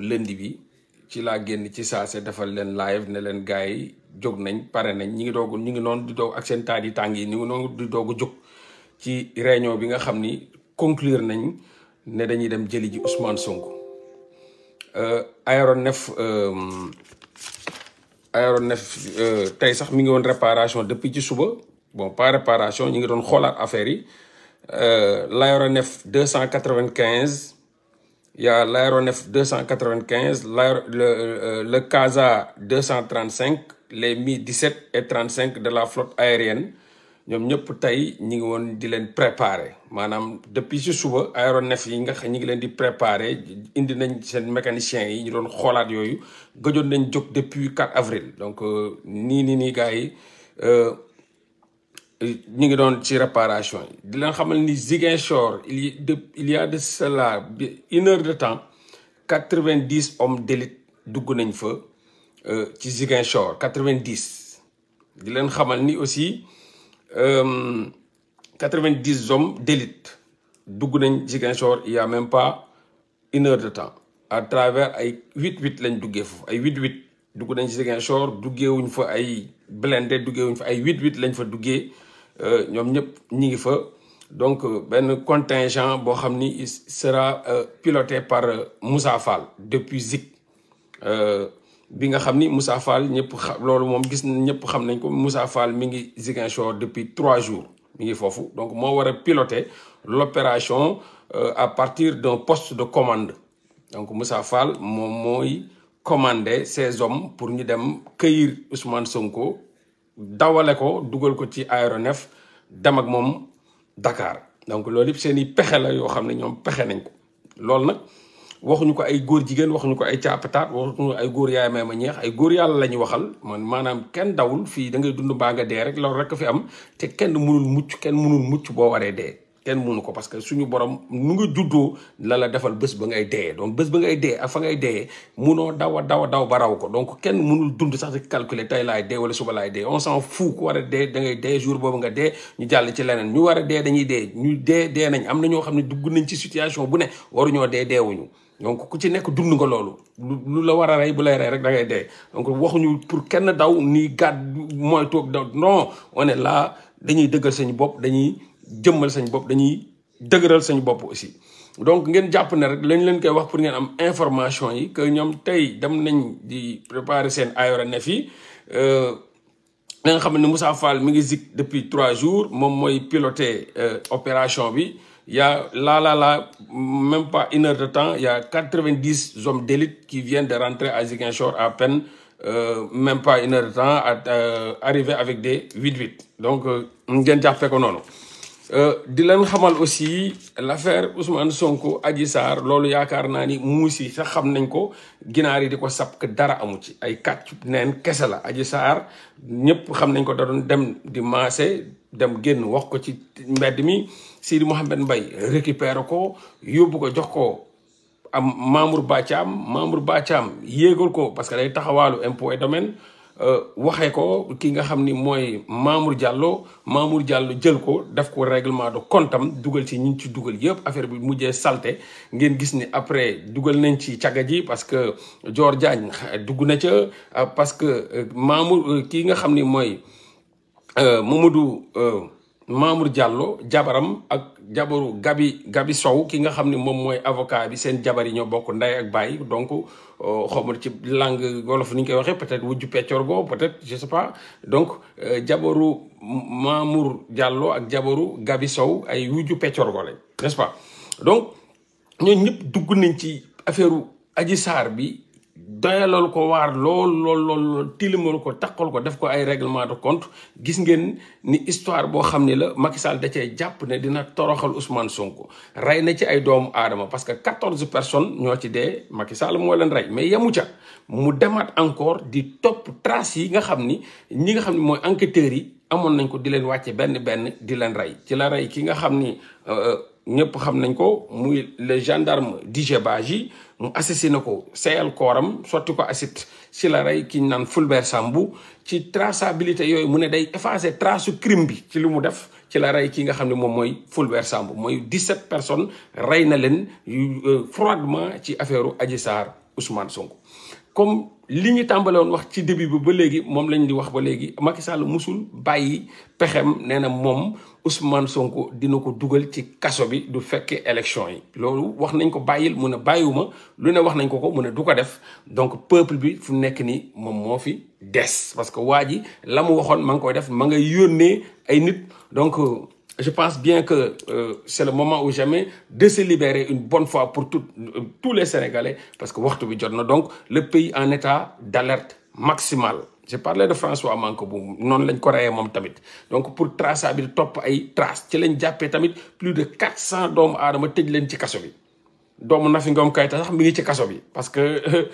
lënd bi ci laa génn ci saa saase defal leen live ne leen gars yi jóg nañ pare nañ ñi ngi doogu ñu ngi noonu di doog ak seen taat yi tàng yi ñu ngi noonu di doog a jóg ci réunion bi nga xam ni conclure nañ ne dañuy dem jëli ji Ousmane Sonko aéronef euh, aéronef euh, euh, tey sax mi ngi woon réparation depuis ci suba bon pas réparation ñi ngi doon xoolaat affaire yi l'aéronef deux cent quatre vingt il y a l'aéronef 295, le, euh, le, CASA 235, les Mi 17 et 35 de la flotte aérienne. nous ñëpp tay ñi ngi woon préparer depuis ce suba aéronef yi nga xam ñi ngi leen di préparer indi nañ seen mécaniciens yi ñu doon xoolaat yooyu gëjoon nañ depuis 4 avril donc euh, nii nii nii yi euh, ñu ngi doon ci réparation yi di leen xamal ni Ziguin Chor il y il y a de cela une heure de temps 90 hommes d'élite dugg nañ fa euh, ci Ziguin 90 di leen xamal ni aussi 90 euh, hommes d'élite dugg nañ Ziguin Chor il y a même pas une heure de temps à travers ay 8 8 lañ duggé fofu ay 8 8 dugg nañ Ziguin Chor wuñ fa ay blendé duggé wuñ fa ay 8 8 lañ fa duggé euh, ñom ñep ñi ngi fa donc le euh, contingent bo sera euh, piloté par Moussa Fall depuis Zik bi nga xamni Moussa Fall ñep lolu mom gis ñep xam nañ ko Moussa Fall mi ngi depuis trois jours mi ngi donc mo wara piloter l'opération à partir d'un poste de commande donc Moussa Fall mom moy commander ses hommes pour ñu dem cueillir Ousmane Sonko dawale ko dugal ko ci aéronef dem ak moom dakaar donc loolu yëpp seen i pexe la yoo xam ne ñoom pexe nañ ko loolu nag waxuñu ko ay góor jigéen waxuñu ko ay caapataat waxuñu ay góor yaay may ma ñeex ay góor yàlla la ñu waxal man maanaam kenn dawul fii da ngay dund baa nga dee rek loolu rek fi am te kenn mënul mucc kenn mënul mucc boo waree dee kenn munu ko parce que suñu borom nu nga juddoo la la defal bés ba ngay dee donc bés ba ngay dee ak fa ngay dee munoo daw a daw daw ba raw ko donc kenn munul dund sax di calculer tey laay dee wala suba laay dee on s'en fout war a dee da jour boobu nga dee ñu jàll ci leneen ñu war a dee dañuy dee ñu dee dee nañ am na ñoo xam ne dugg nañ ci situation bu ne waruñoo dee deewuñu donc ku ci nekk dund nga loolu lu la war a rey bu lay rey rek da ngay dee donc waxuñu pour kenn daw nii gàdd mooy toog daw non on est là dañuy dëggal seen bopp dañuy jëmmal dañuy donc ngeen rek koy pour ngeen am information que ñoom tey dem nañ di préparer seen yi e euh, nga Moussa Fall mi ngi depuis trois jours moom mooy piloter euh, opération bi y a là même pas une heure de temps y a quatre hommes d'élite qui viennent de rentrer à Ziguinchor à peine euh, même pas une heure de temps à arriver avec des huit donc ngeen Euh, di leen xamal aussi l' affaire Ousmane Sonko aji Sarr loolu yaakaar naa ni muus yi sax xam nañ ko ginaar yi di ko sab dara amu ci ay kàcc neen kese la aji Sarr ñëpp xam nañ ko da dem di maase dem génn wax ko ci mbedd mi Sidi Mouhamed Mbaye récupéré ko yóbbu ko jox ko am Mamour Ba Thiam Mamour Ba Thiam yéegal ko parce que day taxawaalu impôt et domaine Euh, waxee ko ki nga xam ni mooy Mamour Diallo Mamour Diallo jël ko def ko règlement de comptam dugal ci ñi ci dugal yëpp affaire bi mujjee salté ngeen gis ni après dugal nañ ci caga ji parce que Dior Diagne dugg na ca euh, parce que euh, Mamour ki nga xam ni mooy Mamadou Mamour Diallo jabaram ak jabaru Gabi Gabi Sow ki nga xam ne moom mooy avocat bi seen jabar yi ñoo bokk ndey ak baay donc euh, xaw ma ci langue wolof ni ñu koy waxee peut-être wujju peccor go peut-être je sais pas donc euh, jabaru Mamour Diallo ak jabaru Gabi Sow ay wujju peccor go ñëpp dugg nañ ci affaire aji Sarr bi doyalal ko waar lool lool lool tilimal ko taqal ko def ko ay règlement de compte gis ngeen ni histoire boo xam ni la Macky Sall da cee jàpp ne dina toroxal Ousmane Sonko rey na ci ay doomu aadama parce que quatorze personnes ñoo ci dee Macky Sall moo leen rey mais yemu ca mu demaat encore di topp traces yi nga xam ni ñi nga xam ne mooy enquêteurs yi amoon nañ ko di leen wàcce benn benn di leen rey ci la rey ki nga xam ni euh, ñëpp xam nañ ko muy les gendarmes Dj Badji mu assassiné ko seyal kooram sotti ko acide si la rey ki ñu naan Fulbert Sambou ci traçabilité yooyu mu ne day effacer trace su crime bi ci li mu def ci la rey ki nga xam ne moom mooy Fulbert Sambou mooy 17 personnes rey na leen euh, froidement ci affaire Adji Sarr Ousmane Sonko. comme li ñu tàmbale woon wax ci début bi ba léegi moom lañ di wax ba léegi Macky Sall musul bàyyi pexem nee na moom. Ousmane Sonko dina ko dugal ci kasso bi du fekkee élection yi loolu wax nañ ko bayil mun a bàyyiwuma lu ne wax nañ ko ko mun a du ko def donc peuple bi fu nek ni mom fi parce que waji ji la mang koy def ma nga ay nit donc euh, je pense bien que euh, c'est le moment ou jamais de se libérer une bonne fois pour tout euh, tous les Sénégalais parce que waxtu bi jotna donc le pays en état d'alerte maximale j'ai parlé de François Mancabou non lañ ko reyee tamit donc pour traçabilité top ay trace ci lañ jàppee tamit plus de 400 dom adama tej l'en ci kasso bi Dom Nafi Ngom Keïta sax mingi ci kasso bi parce que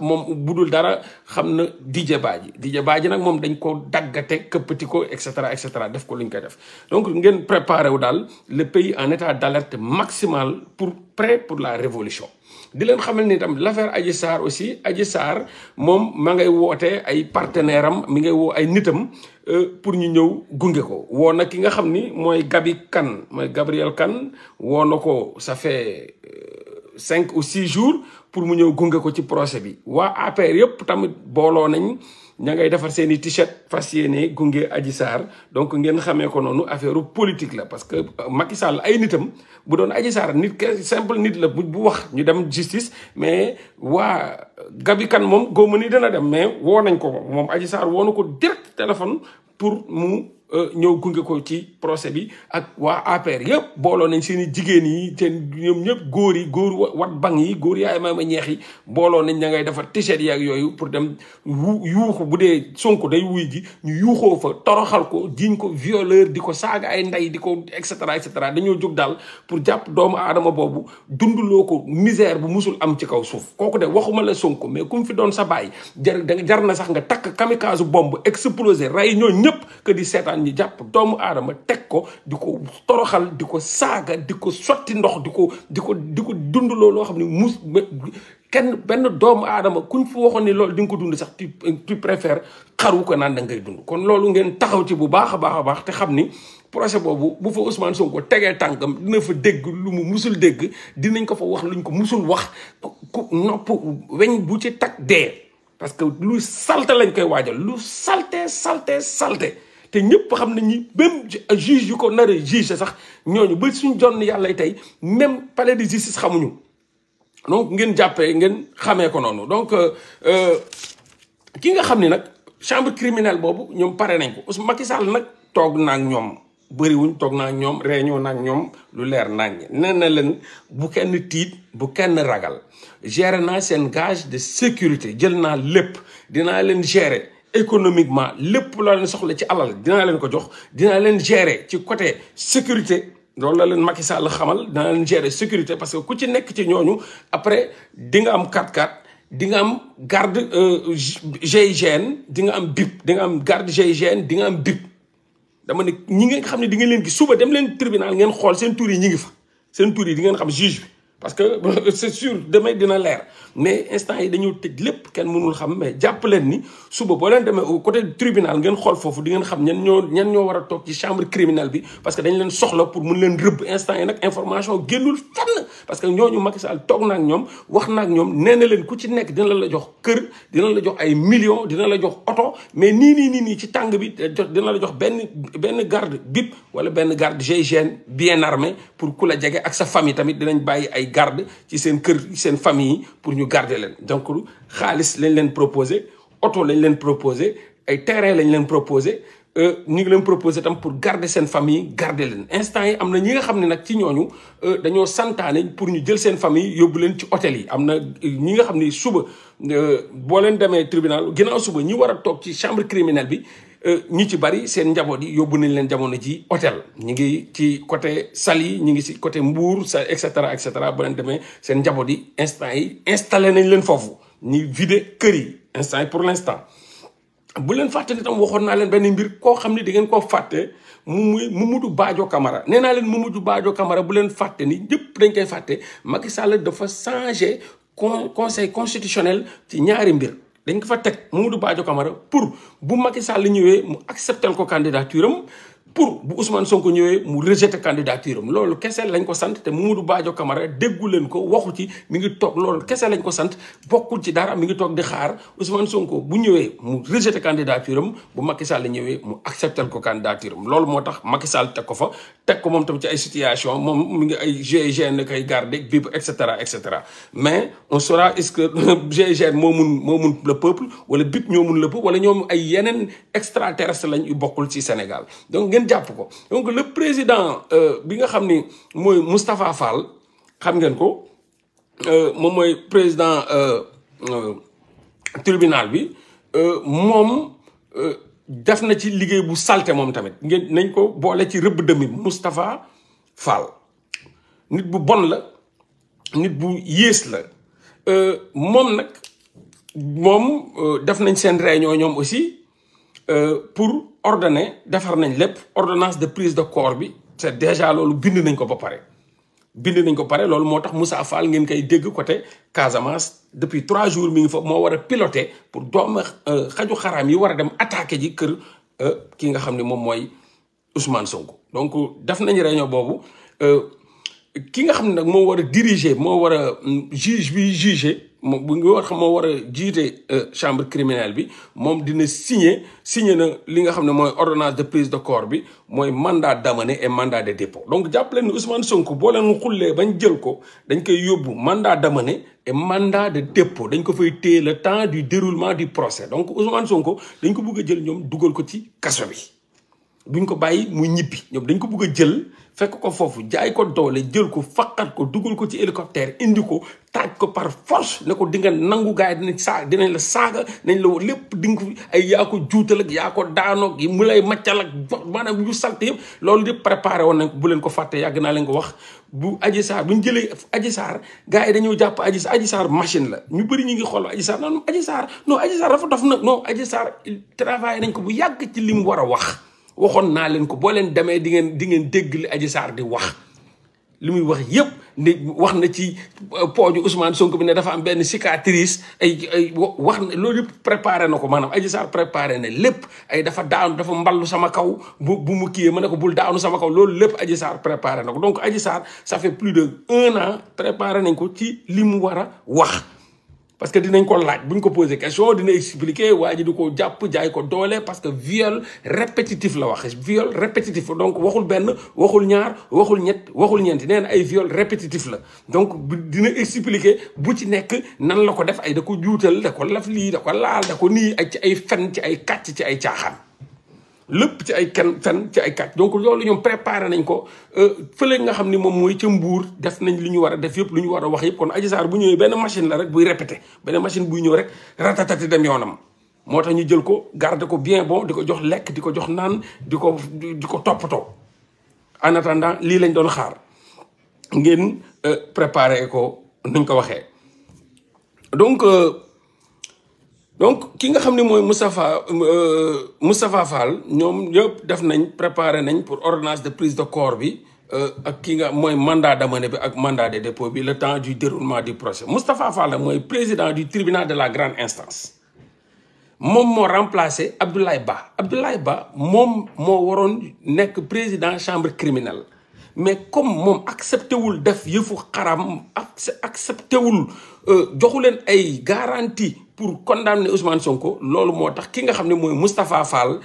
mom boudoul dara xam na Didier Badji Didier Badji nag moom dañ ko daggate këppati ko etc cetera def ko li koy def donc ngeen préparé ou dal le pays en état d'alerte maximale pour prêt pour la révolution di leen xamal nitam tam l'affaire Adji aussi aji Sarr moom ma ngay wootee ay partenaire am mi ngay woo ay nitam euh, pour ñu ñëw gunge ko woo na ki nga xam ni mooy Gabi kan mooy Gabriel kan woo na ko ça fait euh, cinq ou six jours pour mu ñëw gunge ko ci procès bi waa APR yëpp tamit booloo nañ ña ngay defar seen i t-shirt fas yéene gunge aji saar donc ngeen xamee ko noonu affaire politique la parce que euh, Macky Sall ay nitam bu doon Adji saar nit ke simple nit la bu bu wax ñu dem justice mais waa euh, Gabi Kane moom góomu ni dana dem mais woo nañ ko moom Adji saar woo na ko direct téléphone pour mu Euh, ñëw gunge ko ci procès bi ak waa APR yëpp booloo nañ seen i jigéen yi te ñoom ñëpp góor yi góor wat bang yi góor yaay ma ma ñeex yi booloo nañ ña ngay defar t-shirt yi yooyu pour dem yuuxu bu dee Sonko day wuy ji ñu yuuxoo fa toroxal ko jiñ ko violeur di ko saaga ay ndey di ko et cetera et dañoo jóg daal pour jàpp doomu aadama boobu dunduloo ko misère bu musul am ci kaw suuf kooku de waxuma la Sonko mais ku fi doon sa bàyyi jar jar na sax nga takk kamikaasu bomb exploser rey ñoo ñëpp ñi jàpp doomu aadama teg ko di ko toroxal di ko saaka di ko sotti ndox di ko di ko di ko dund looloo xam ne mus kenn benn doomu adama kuñ fu waxoon ni loolu di nga ko dund sax tu tu préfère xaru ko naan da ngay dund kon loolu ngeen taxaw ci bu baax a baax a baax te xam ni projet boobu bu fa Ousmane ko tegee tànkam dina fa dégg lu mu musul dégg dinañ ko fa wax lu ñu ko musul wax ku nopp weñ bu ci takk dee parce que lu salte lañ koy waajal lu salte salte salte te ñëpp xam nañ ni même euh, juge yu ko nar a juge sax ñooñu ba suñ jonn yàlla tey même palais de justice xamuñu donc ngeen jàppee ngeen xamee ko noonu donc euh, euh, ki nga xam ni nag chambre criminelle boobu ñoom pare nañ ko Ousmane Macky Sall nag toog naa ñoom bëriwuñ toog naa ñoom réunion naa ak ñoom lu leer nañ nee na leen bu kenn tiit bu kenn ragal gérer naa seen gage de sécurité jël naa lépp dinaa leen gérer. économiquement lépp loo leen soxla ci alal dinaa leen ko jox dinaa leen gérer ci côté sécurité loolu la leen Macky Sall xamal dinaa leen gérer sécurité parce que ku ci nekk ci ñooñu après di nga am 4x4 di nga am garde euh, GIGN di nga am BIP di nga am garde GIGN di nga am BIP dama ne ñi nga xam ne di nga leen gis suba dem leen tribunal ngeen xool seen tur yi ñi ngi fa seen tur yi ngeen xam juge parce que c'est sûr demain dina leer mais instant yi dañoo tëj lépp kenn mënul xam mais jàpp leen ni suba boo leen demee au côté tribunal ngeen xool foofu di ngeen xam ñan ñoo ñoo war a toog ci chambre criminelle bi parce que dañ leen soxla pour mun leen rëbb instant yi nag information génnul fenn parce que ñooñu Macky Sall toog na ak ñoom wax na ak ñoom nee na leen ku ci nekk dina la jox kër dina la jox ay millions dina la jox oto mais nii nii nii nii ci tàng bi eh, dina la jox benn benn garde bip wala benn garde GIGN bien armé pour ku la jege ak sa famille tamit dinañ bàyyi ay ay garde ci seen kër seen famille yi pour ñu garder leen donc xaalis lañ leen proposer oto lañ leen proposé ay terrain lañ leen proposé euh, ñu ngi leen proposé tam pour garde seen famille garder leen instant yi am na ñi nga xam ne nag ci ñooñu euh, dañoo santaane pour ñu jël seen famille yóbbu leen ci hôtel yi am na euh, ñi nga xam ni suba boo leen demee tribunal ginnaaw suba ñi war a toog ci chambre criminelle bi Euh, ñi ci bari seen njaboot yi yóbbu nañ leen jamono ji hôtel ñi ngi ci côté sali ñi ngi ci côté Mbour sa et cetera et cetera bu leen demee seen njaboot yi instant yi installé nañ leen foofu ñi vidé kër yi instant yi pour l'instant bu leen fàtte ni tam waxoon naa leen benn mbir koo xam ne di ngeen koo fàtte mu muy Mamadou Badio Camara nee naa leen Mamadou Badio Camara bu leen fàtte ni ñëpp dañ koy fàtte Macky Sall dafa changé conseil constitutionnel ci ñaari mbir dañ ko fa teg Mamadou Badio Camara pour bu Macky Sall ñëwee mu acceptel ko candidature am pour bu Ousmane Sonko ñëwee mu rejeté candidature am loolu kese lañ ko sant te mu Mamadou Badio Camara déggu leen ko waxu ci mi ngi toog loolu kese lañ ko sant bokkul ci dara mi ngi toog di xaar Ousmane Sonko bu ñëwee mu rejeté candidature am bu Macky Sall ñëwee mu accepté ko candidature am loolu moo tax Macky Sall teg ko fa teg moom tam ci ay situation moom mu ngi ay GIGN koy garder bib et cetera et cetera mais on saura est-ce que GIGN moo mun moo mun le peuple wala BIP ñoo mun le wala ñoom ay yeneen extraterrestre lañ bokkul ci Sénégal kenn ko donc le président euh, bi nga xamni moy mustapha Fall xam ngeen ko euh, moom moy président euh, tribunal bi mom def na ci liggéey bu salte mom tamit ngeen nañ ko bolé ci reub demi mustapha Fall nit bu bon la nit bu yées la mom nak mom def nañ sen réunion ñom aussi pour ordonné defar nañ lépp ordonnance de prise de corps bi c'est déjà loolu bind nañ ko ba pare bind nañ ko pare loolu moo tax Moussa Fall ngeen koy dégg côté Casamance depuis trois jours mi ngi fa moo war a piloté pour dooma euh, xaju xaraam yi war a dem attaque ji kër euh, ki nga xam ne moom mooy Ousmane Sonko donc def nañ réunion boobu euh, ki nga xam ne nag moo war a diriger moo war a mm, juge bi juger moom bu ngi war xam moo war a jiite euh, chambre criminelle bi moom dina signer signer na li nga xam ne mooy ordonnance de prise de corps bi mooy mandat d'amener et mandat de dépôt donc jàpp leen ni Ousmane Sonko boo leen xullee bañ jël ko dañ koy yóbbu mandat d'amener et mandat de dépôt dañ ko fay téye le temps du déroulement du procès donc Ousmane Sonko dañ ko bëgg a jël ñoom dugal ko ci kaso bi duñ ko bàyyi muy ñibbi ñoom dañ ko bëgg a jël fekk ko foofu jaay ko doole jël ko faqat ko dugal ko ci hélicoptère indi ko taaj ko par force ne ko di nga nangu gars yi dinañ saa dinañ la saaga nañ la lépp di ay yaa ko ak yaa ko daanoog yi mu lay maccal ak maanaam yu salte yëpp loolu yëpp préparé woon nañ ko bu leen ko fàtte yàgg naa leen ko wax bu Adji Sarr bu ñu jëlee Adji Sarr gars yi dañoo jàpp Adji Adji Sarr machine la ñu bëri ñu ngi xool Adji Sarr non Adji Sarr non Adji Sarr dafa dof nag non Adji Sarr travaillé nañ ko bu yàgg ci li mu war a wax waxoon naa leen ko boo leen demee di ngeen di ngeen dégg li Adji Sarr di wax li muy wax yépp ne wax na ci euh, pooju Ousmane Sonko bi ne dafa am benn cicatrice ay ay wax na loolu yëpp préparé na ko maanaam Adji Sarr préparé na lépp ay dafa daanu dafa mballu sama kaw bu bu mu kiyee ma ne ko bul daanu sama kaw loolu lépp Adji Sarr préparé na ko donc Adji Sarr ça plus de un an préparé nañ ko ci li mu war a wax parce que dinañ ko laaj buñ ko posé question dina expliquer waa ji di ko jàpp jaay ko doole parce que viol répétitif la wax viol répétitif donc waxul benn waxul ñaar waxul ñett waxul ñeenti nee ay viol répétitif la donc dina expliquer bu ci nekk nan la ko def ay da ko juutal da ko laf lii da ko laal da ko nii ak ci ay fen ci ay kàcc ci ay caaxaan lépp ci ay kenn fen ci ay kàcc donc loolu ñoom préparé nañ ko euh, fële nga xam ni moom mooy ci mbuur def nañ lu ñu war a def yëpp lu ñu war a wax yëpp kon Adji Sarr bu ñëwee benn machine la rek buy répété benn machine buy ñëw rek ratatati dem yoonam moo tax ñu jël ko garder ko bien bon di ko jox lekk di ko jox naan di ko di ko toppatoo en attendant lii lañ doon xaar ngeen euh, préparé ko nuñ ko waxee donc euh, donc ki nga xamni moy Mustafa euh, Moustapha Fall ñom def nañ préparé nañ pour ordonnance de prise de corps bi euh, ak ki nga moy mandat d'amener bi ak mandat de dépôt bi le temps du déroulement du procès Moustapha Fall moy président du tribunal de la grande instance mom mo remplacé Abdoulaye Ba Abdoulaye Ba mom mo waron nek président chambre criminelle mais comme mom accepté wul def yëfu xaram accepté wul euh joxulen ay garantie pour condamner Ousmane Sonko loolu moo tax ki nga xam ne mooy Moustapha Fall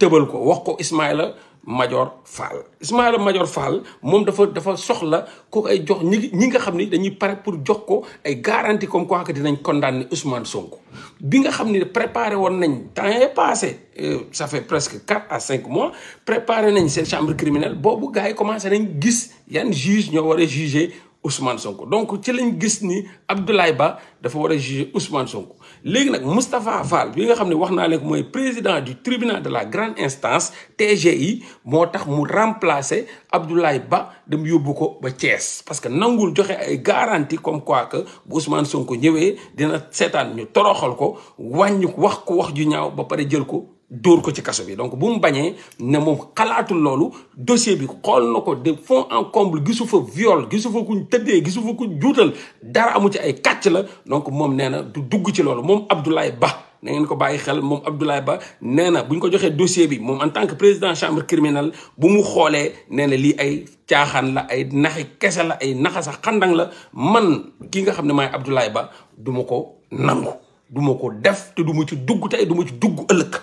tëbal ko wax ko Ismaïla Madior Fall Ismaïla major Fall moom dafa dafa soxla ko ay jox ñi ñi nga xam ni dañuy pare pour jox ko ay garanti comme quoi que dinañ condamner Ousmane Sonko bi nga xam ne préparer woon nañ temps yee passé euh, ça fait presque quatre à cinq mois préparé nañ seen chambre criminelle boobu gars yi commencé nañ gis yan juge ñoo war a juger Ousmane Sonko donc ci lañ gis ni Abdoulaye Ba dafa a juger Ousmane Sonko Maintenant, Mustafa Moustapha président du tribunal de la grande instance TGI a Abdoulaye Ba parce que nangul a garantie comme quoi que Ousmane Sonko dóor ko ci kaso bi donc bu mu bañee ne moom xalaatul loolu dossier bi xool na ko de fond en comble gisu fa viol gisu fa kuñ tëddee gisu fa kuñ juutal dara amu ci ay kàcc la donc moom nee na du dugg ci loolu moom Abdoulaye Ba na ngeen ko bàyyi xel moom Abdoulaye Ba nee na bu ñu ko joxee dossier bi moom en tant que président chambre criminelle bu mu xoolee nee na lii ay caaxaan la ay naxi kese la ay naxasa xandang la man ki nga xam ne maay Abdoulaye Ba du ma ko nangu duma ko def te du ma ci dugg tey du ma ci dugg ëllëg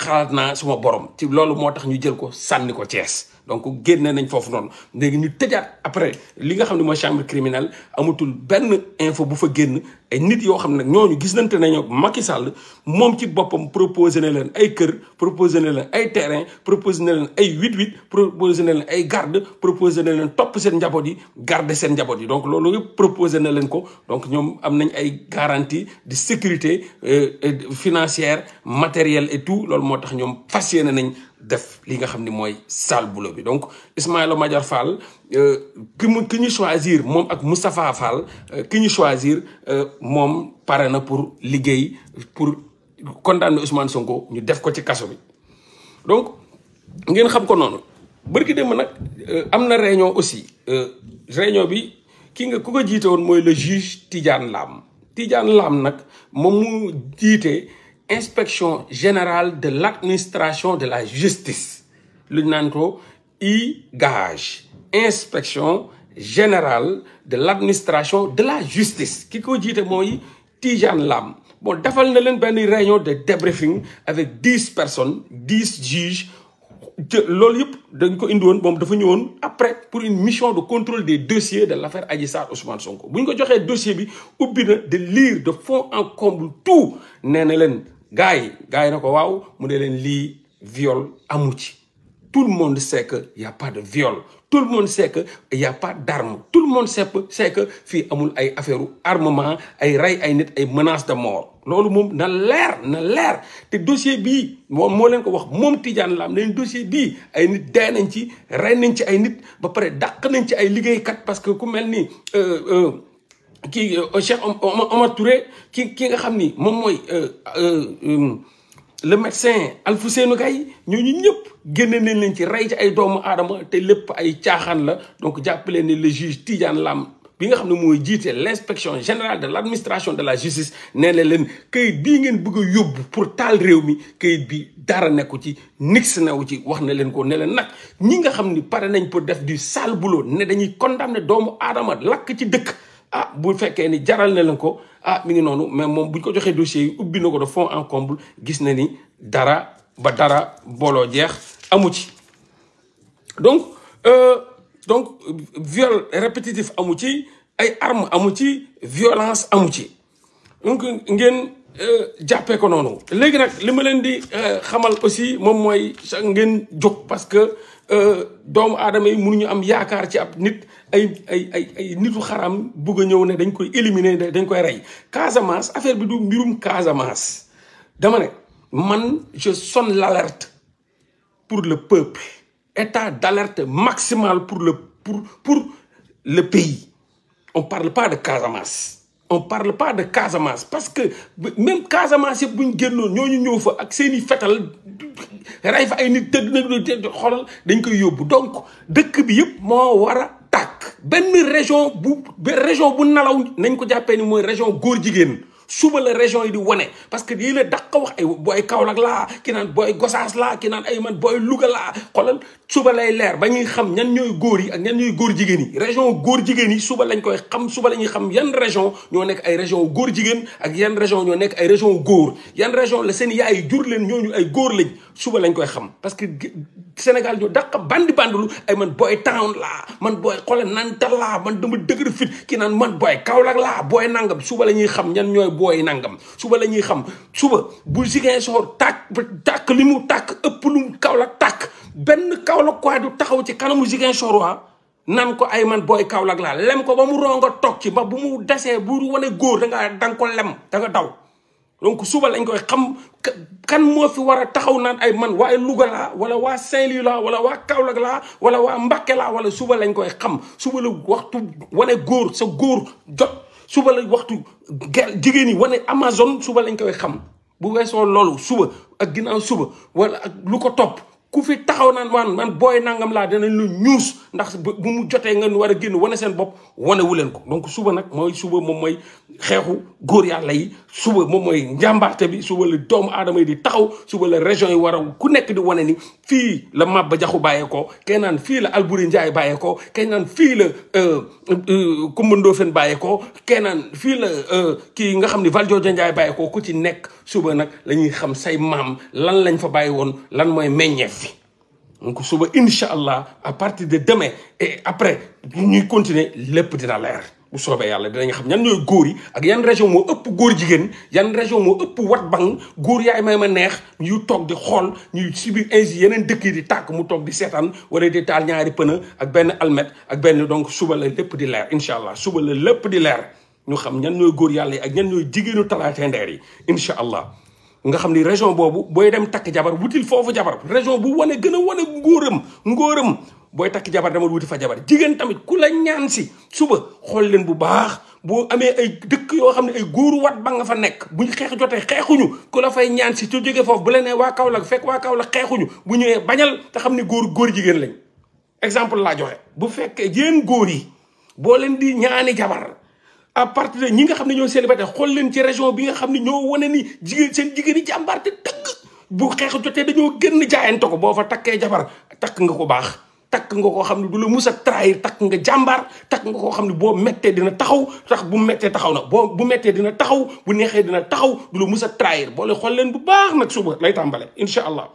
xalaat naa suma borom ci loolu moo tax ñu jël ko sànni ko Cees donc génne nañ fofu non légui ñu tëjaat après li nga xam ne chambre criminelle amutul benn info bu fa génn ay nit yo xam ñoñu gis nañ te nañoo Macky Sall mom ci bopam proposé na leen ay kër proposé na leen ay terrain proposé na leen ay huit huit proposé na leen ay garde proposé na leen top sen njabot yi garder sen njabot yi donc loolu yëpp proposé na leen ko donc ñom am nañ ay garantie de sécurité euh, financière matérielle et tout loolu motax ñom fassiyé nañ def li nga xam ni mooy sale boulot bi donc Ismaïla Madior Fall euh, ki mu ki ñu choisir moom ak Moustapha Fall euh, ki ñu choisir euh, moom pare na pour liggéey pour condamner Ousmane Sonko ñu def ko ci kaso bi donc ngeen xam ko noonu bërki démb nag am na réunion aussi réunion bi ki nga ku ko jiite woon mooy le juge Tidiane Lam Tidiane Lam nag moom mu jiite inspection générale de l'administration de la justice Le Nanko, i gage. inspection générale de l'administration de la justice Kiko dit tijan Tijane Lam bon defal na l'en une réunion de débriefing avec 10 personnes 10 juges L'olip de dañ ko indi woon après pour une mission de contrôle des dossiers de l'affaire Adji Ousmane Sonko bu ñu ko joxee dossier bi de lire de fond en comble tout gars yi gars yi na ko waaw mu ne leen lii viol amu ci tout le monde sait que y pas de viol tout le monde sait que y a pas d'arme tout le monde sait sait fii amul ay affaire armement ay rey ay nit ay menace de mort loolu moom na leer na leer te dossier bii moom moo leen ko wax moom Tidiane laam leen dossier bii ay nit dee nañ ci rey nañ ci ay nit ba pare daq nañ ci ay liggéeykat parce que ku mel ni euh, euh, kii euh, euh, Cheikh Omar Touré ki ki nga xam ni moom mooy euh, le médecin Alfousseynou Gaye ñu ñëpp génne nañ leen ci ray ci ay doomu adama té lépp ay tiaxan la donc jàppale ne le juge Tidiane Lam bi nga xamni moy jité l'inspection générale de l'administration de la justice né na leen këyit bii ngeen bëgg a pour tal réew mi këyit bi dara nekku ci nix newu ci wax na leen ko ne leen nag ñi nga xamni paré nañ pour def du sale boulot né dañuy condamné doomu adama lak ci dëkk ah bu fekkee ni jaral na ko ah mi ngi mais moom bu ko dossier yi fond en comble gis ni dara ba dara booloo donc euh, donc viol répétitif amu ci armes amu violence amu ci donc ngeen euh, jàppee ko noonu. léegi nag li ma leen euh, xamal aussi parce que. Euh, doomu aadama yi mënuñu am yaakaar ci ab nit ay ay ay ay nitu xaram bugg a ñëw ne dañ koy éliminer dañ koy Casamance affaire bi du mbirum Casamance dama ne man je sonne l'alerte pour le peuple état d'alerte maximal pour le pour pour le pays on parle pas de Casamance on parle pas de Casamance parce que même Casamance yëpp bu ñu génnoon ñooñu ñëw fa ak seen i fetal rey fa ay nit tëdd na xoolal dañ koy yóbbu donc dëkk bi yëpp moo war a tàkk benn région bu région bu nalaw nañ ko jàppee ni mooy région góor jigéen suba la région yi di wane parce que yii la daq wax ay booy Kaolack laa ki naan booy Gosaas laa ki ay man booy Louga laa xoolal suba lay leer ba ñuy xam ñan ñooy góor yi ak ñan ñooy góor jigéen yi région góor jigéen yi suba lañ koy xam suba la ñuy xam yan région ñoo nekk ay région góor jigéen ak yan région ñoo nekk ay région góor yan région la seen yaay jur leen ñooñu ay góor lañ suba lañ koy xam parce que Sénégal ñoo dàq bandi bandulu ay man boy town la man booy nan nanta la man dama deugur fit ki nan man boy kaolak la boy nangam suba lañuy xam ñan ñoy boy nangam suba lañuy xam suba bu shor tak tak tak tak tak ëpp lu kaolak tak ben kaolak Kaolack quoi du taxaw ci kanamu sor wa ah, nan ko ay man boy kaolak la lem ko ba mu rongo tok ci ba bu mu desee bu goor da nga dang ko lem da nga daw donc suba lañ koy xam kan moo fi war a taxaw naan ay man waa Louga laa wala waa saint laa wala waa Kaolack laa wala waa Mbacké laa wala suba lañ koy xam suba la waxtu wane góor sa góor jot suba la waxtu jigéen ñi wane Amazon suba lañ koy xam bu weesoo loolu suba ak ginnaaw suba wala ak lu ko topp ku fi taxaw naan man man booy nangam laa danañ la ñuus ndax bu mu jotee nga war a génn wane seen bopp wane wu leen ko donc suba nag mooy suba moom mooy xeexu góor yàlla yi suba moom mooy njàmbaarte bi suba la doomu aadama yi di taxaw suba la région yi war ku nekk di wane ni fii la Maba Jaxu bàyyeekoo kay naan fii la Alburi Njaay bàyyeekoo kay naan fii la euh, euh, Kumba Ndoofeen bàyyeekoo kay fii la euh, kii nga xam ni Valdiodio Njaay bàyyeekoo ku ci nekk suba nag la ñuy xam say maam lan lañ fa bàyyi woon lan mooy meññeef fi donc suba incha allah à partir de demain et après ñuy continuer lépp dina leer bu soobee yàlla dinañ xam yan ñooy góor yi ak yan région moo ëpp góor jigéen yan région moo ëpp wat bang góor yaay may ma neex ñu toog di xool ñuy subir ainsi yeneen dëkk yi di tàkk mu toog di seetaan wala di taal ñaari pën ak benn almet ak benn donc suba la lépp di leer incha allah suba la lépp di leer ñu xam ñan ñooy góor yàlla yi ak ñan ñooy jigéenu talaatee ndeer yi incha allah nga xam ni région boobu booy dem takk jabar wutil foofu jabar région bu wane gën a wane ngóoram ngóoram booy takk jabar dama wuti fa jabar jigéen tamit ku la ñaan si suba xool leen bu baax boo amee ay dëkk yoo xam ne ay góoru wat ba nga fa nekk buñ xeex jotee xeexuñu ku la fay ñaan si su jógee foofu bu la nee waa Kaolack fekk waa Kaolack xeexuñu bu ñëwee bañal te xam ni góor góor jigéen lañ exemple laajo joxe bu fekkee yéen góor yi boo leen di ñaani jabar à partir de ñi nga xam ne ñoo célibataire xool leen ci région bi nga xam ne ñoo wane ni jigéen seen jigéen yi jàmbaar te dëgg bu xeex jotee dañoo génn jaayante ko boo fa takkee jabar takk nga ko baax takk nga koo xam ne du la mus a trahir takk nga jàmbaar takk nga koo xam ne boo mettee dina taxaw tax bu mettee taxaw na boo bu mettee dina taxaw bu neexee dina taxaw du la mus a trahir boole xool leen bu baax nag suba lay tàmbale incha allah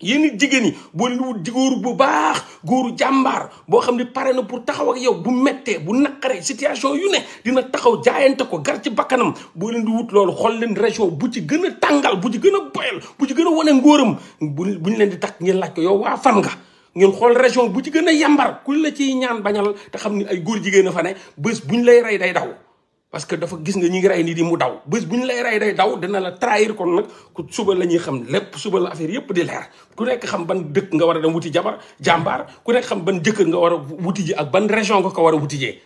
yéen it jigéen ñi boo luwut jigóoru bu baax góoru jàmbaar boo xam ne pare na pour taxaw yow bu mettee bu naqaree situation yu ne dina taxaw jaayante ko gar ci bakkanam boo leen di wut loolu xool leen région bu ci gën a tàngal bu ci gën a boyal bu ci gën a wane ngóoram bu ñu leen di takk ngeen laaj ko yow waa fan nga ngeen xool région bu ci gën a yàmbar kuñ la ciy ñaan bañal te xam ni ay góor jigéen a fa ne bés buñ lay rey day daw parce que dafa gis nga ñi ngi rey nit yi mu daw bés bu ñu lay rey day daw dina la trahir kon nag ku suba la ñuy xam lépp suba la affaire yëpp di leer ku nekk xam ban dëkk nga war a dem wuti jabar jàmbaar ku nekk xam ban jëkkër nga war a wuti ji ak ban région nga ko war a wuti jee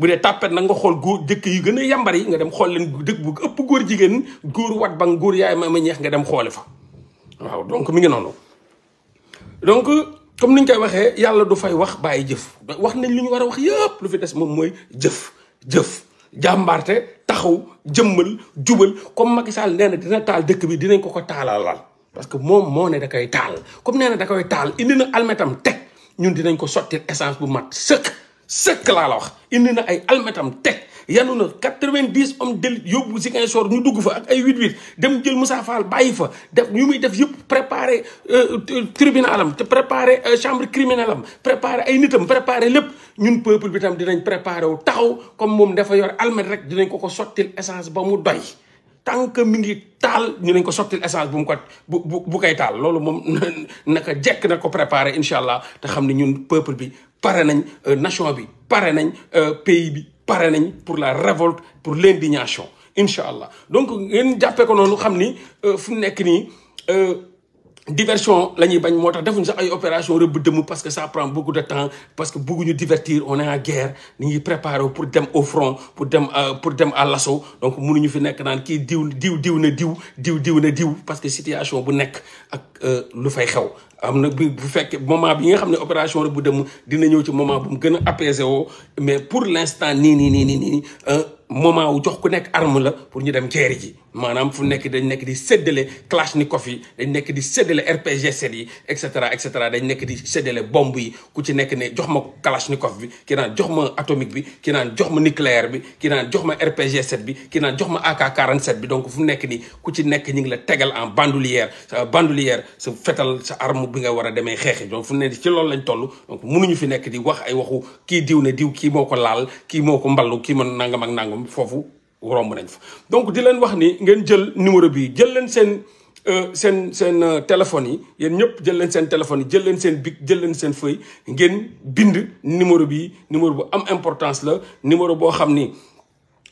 bu dee tàppet nag nga xool góor dëkk yu gën a yambar nga dem xool leen dëkk bu ëpp góor jigéen góor wat bang góor yaay ma ma ñeex nga dem xoole fa waaw donc mi ngi noonu donc comme ñu koy waxee yàlla du fay wax bàyyi jëf wax nañ lu ñu war a wax yëpp lu fi des moom mooy jëf jëf jàmbaarte taxaw jëmbal jubal comme Macky Sall nee na dina taal dëkk bi dinañ ko ko taalalal parce que moom moo ne da koy taal comme nee na da koy taal indi na almetam teg ñun dinañ ko sottil essence bu mat sëkk sëkk laa wax indi na ay almetam teg yanu na quatre-vingt-dix hommes d'élite yóbbu Ziguinchor ñu dugg fa ak ay huit huit dem jël Moussa Fall bàyyi fa def ñu muy def yëpp préparé euh, tribunalam te préparé euh, chambre criminelle am préparé ay nitam préparer lépp ñun peuple bi tam dinañ préparé wu taxaw comme moom defa yore almet rek dinañ ko ko sottil essence ba mu doy tant que mi ngi taal ñu nañ ko sottil essence bu mu ko bu bu koy taal loolu moom naka jekk na ko préparé incha allah te xam ne ñun peuple bi pare nañ euh, nation bi pare nañ pays bi nañ pour la révolte pour l'indignation Inch'Allah. donc nous avons ko que nous avons fu nekk euh, diversion Nous avons bañ une defuñ sax ay opération parce que ça prend beaucoup de temps parce que nous divertir on est en guerre Nous nous préparons pour dem au front pour dem euh, pour dem à l'assaut donc nous fi nek naan ki diw diw diw na diw diw diw na diw parce que situation bu nek ak euh, lu fay xew am na bu fekkee moment bi nga xam ne opération rek bu dem dina ñëw ci moment bu mu gën a apaisé woo mais pour l' instant nii nii nii nii nii euh, wu jox ku nekk arme la pour ñu dem guerre ji maanaam fu nekk dañ nekk di séddale kalachnikov yi dañ nekk di séddale RPG-7 yi et cetera et cetera dañ nekk di seddale bomb yi ku ci nekk ne jox ma kalachnikov bi ki naan jox ma atomique bi ki naan jox ma nucléaire bi ki naan jox ma RPG-7 bi ki naan jox ma AK-47 bi donc fu nekk nii ku ci nekk ñu ngi la tegal en bandoulière bandoulière sa fetal bi nga war a demee xeexi donc fu ne ci loolu lañ toll donc ñu fi nekk di wax ay waxu kii diw ne diw kii moo ko laal kii moo ko mballu kii man nangam ak nangam foofu romb nañ fa donc di leen wax ni ngeen jël numéro bi jël leen seen euh, seen seen euh, téléphone yi yéen ñëpp jël leen seen téléphone jël leen seen bic jël seen feuille ngeen bind numéro bi numéro bu am importance la numéro boo xam ni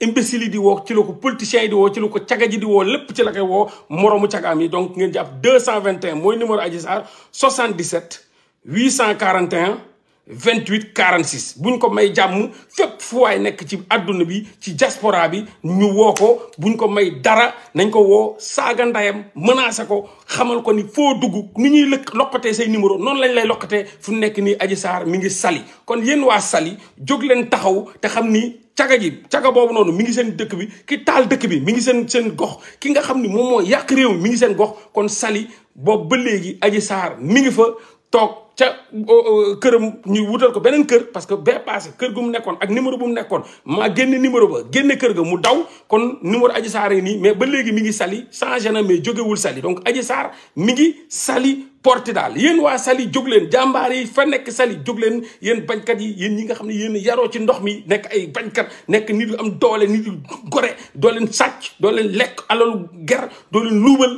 imbécile di woo ci la ko politiciens yi di woo ci la ko caga ji di woo lépp ci la woo moroomu cagaam yi donc ngeen jàpp 221 mooy numéro Adji Sarr 77 841 28 46 buñ ko may jàmm fépp fu waay nekk ci àdduna bi ci diaspora bi ñu woo ko buñ ko may dara nañ ko woo saaga ndayam menacé ko xamal ko ni foo dugg ni ñuy lëkk lokkatee say numéro noonu lañ lay lokkatee fu nekk nii aji saar mi ngi sali kon yéen waa sali jóg leen taxaw te xam ni caga ji caga boobu noonu mi ngi seen dëkk bi ki taal dëkk bi mi ngi seen seen gox ki nga xam ni moom moo yàq réew mi ngi seen gox kon sali boobu ba léegi aji saar mi ngi fa toog ca euh, euh, këram ñu wutal ko beneen kër parce que bee passé kër gu mu nekkoon ak numéro bu mu nekkoon maa génne numéro ba génne kër ga mu daw kon numéro Adji Sarr nii mais ba léegi mi ngi sali changé na mais jógewul sali donc Adji Sarr mi ngi sali porte daal yéen waa sali jóg leen jàmbaar yi fa nekk sali jóg leen yéen bañkat yi yéen ñi nga xam ne yéen yaroo ci ndox mi nekk ay bañkat nekk nit lu am doole nit yu gore dooleen sàcc dooleen leen lekk alalu ger doo leen luubal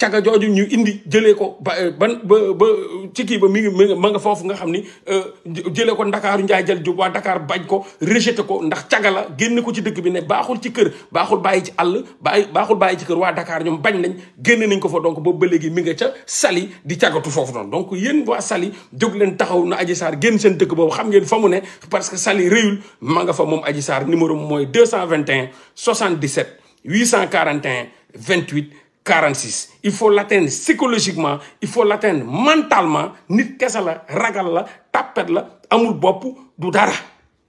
caga jooju ñu indi jëlee ko ba eh, ban ba ba ci kii ba mi ngi ma nga foofu nga xam ni eh, jëlee ko Ndakaaru Njaay jël jub waa Dakar bañ ko rejeté ko ndax caga la génne ko ci dëkk bi ne baaxul ci kër baaxul bàyyi ci àll bàyyi baaxul bàyyi ci kër waa dakaar ñoom bañ nañ génne nañ ko fo donc boobu ba léegi mi nga ca sali di càggatu foofu noonu donc yéen waa sali jóg leen taxaw na Adji Sarr génn seen dëkk boobu xam ngeen fa mu ne parce que sali réyul ma nga fa moom Adji Sarr numéro mooy 221 77 841 28 46 il faut l'atteindre psychologiquement il faut l'atteindre mentalement nit kese la ragal la tàppet la amul bopp du dara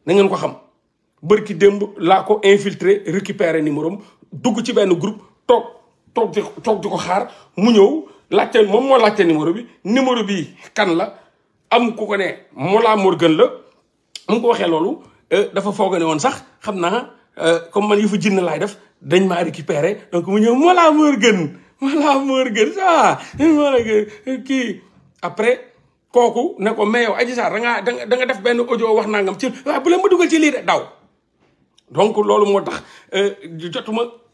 na ngeen ko xam bërki démb laa ko infiltré récupérer numéro am dugg ci benn groupe toog toog di ko xaar mu ñëw laajte moom moo laajte numéro bi numéro bi kan la am ku ko ne Mollah Morgun la mu ko waxee loolu euh, dafa foog woon sax xam naa euh, comme man yu fa jinn laay def dañ maa récupéré donc mu ñëw Mollah Morgun Mollah Morgun ah Mollah kii après kooku ne ko mais yow Adji Sarr da da nga def benn audio wax nangam ci waaw bu leen ma dugal ci lii de daw. donc loolu moo euh,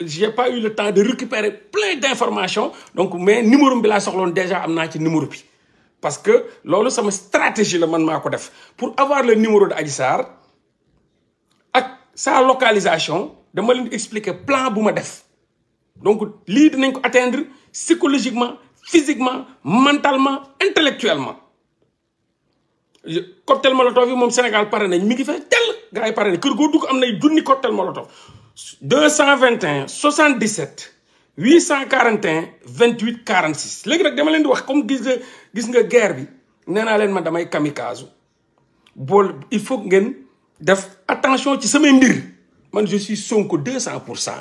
j'ai pas eu le temps de récupérer plein d'informations donc mais numéro de la déjà amené naa ci numéro parce que ça sama stratégie le man de pour avoir le numéro de et sa localisation je vais expliquer expliquer plan de ma donc lii dinañ ko atteindre psychologiquement physiquement mentalement intellectuellement cocktail je yi au Sénégal je nañ mi ngi gars yi pare ne dugg cocktail molotov 221 77 841 28 46 les gars dama leen di wax comme gis nga guerre bi nee naa leen man kamikaze il faut ngeen def attention ci samay mbir man je suis Sonko 200 pour suis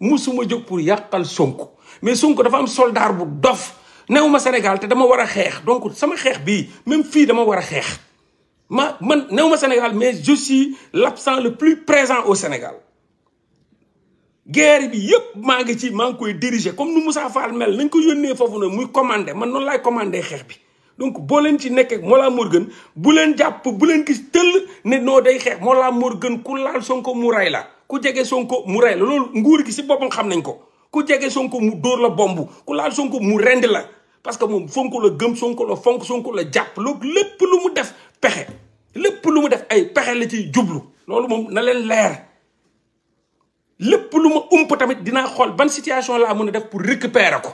musuma pour yakal Sonko mais Sonko dafa am soldat bu dof newuma Sénégal te dama war a xeex donc sama xeex bii même fille dama war a ma man néew ma Sénégal mais je suis l'absent le plus présent au Sénégal guerre bi yëpp maa ngi ci maa ngi koy diriger comme nu Moussa Fall mel nañ ko yónnee foofu noonu muy commandé man noonu laay commandé xeex bi donc ci leen ci laa moor gën bu leen jàpp bu leen gis tëll ne noo day xeex Mollah Morgun ku laal Sonko mu rey la ku jege Sonko mu rey la loolu nguur gi si boppam xam nañ ko ku jege Sonko mu dóor la bomb ku laal Sonko mu rend la parce que moom fonko le gëm Sonko le fonko Sonko le jàpp loolu lepp lu mu def pexé lepp lu mu def ay pexé la ciy jublu loolu moom na leen leer lépp lu ma ump tamit dina xol ban situation la mën def pour récupérer ko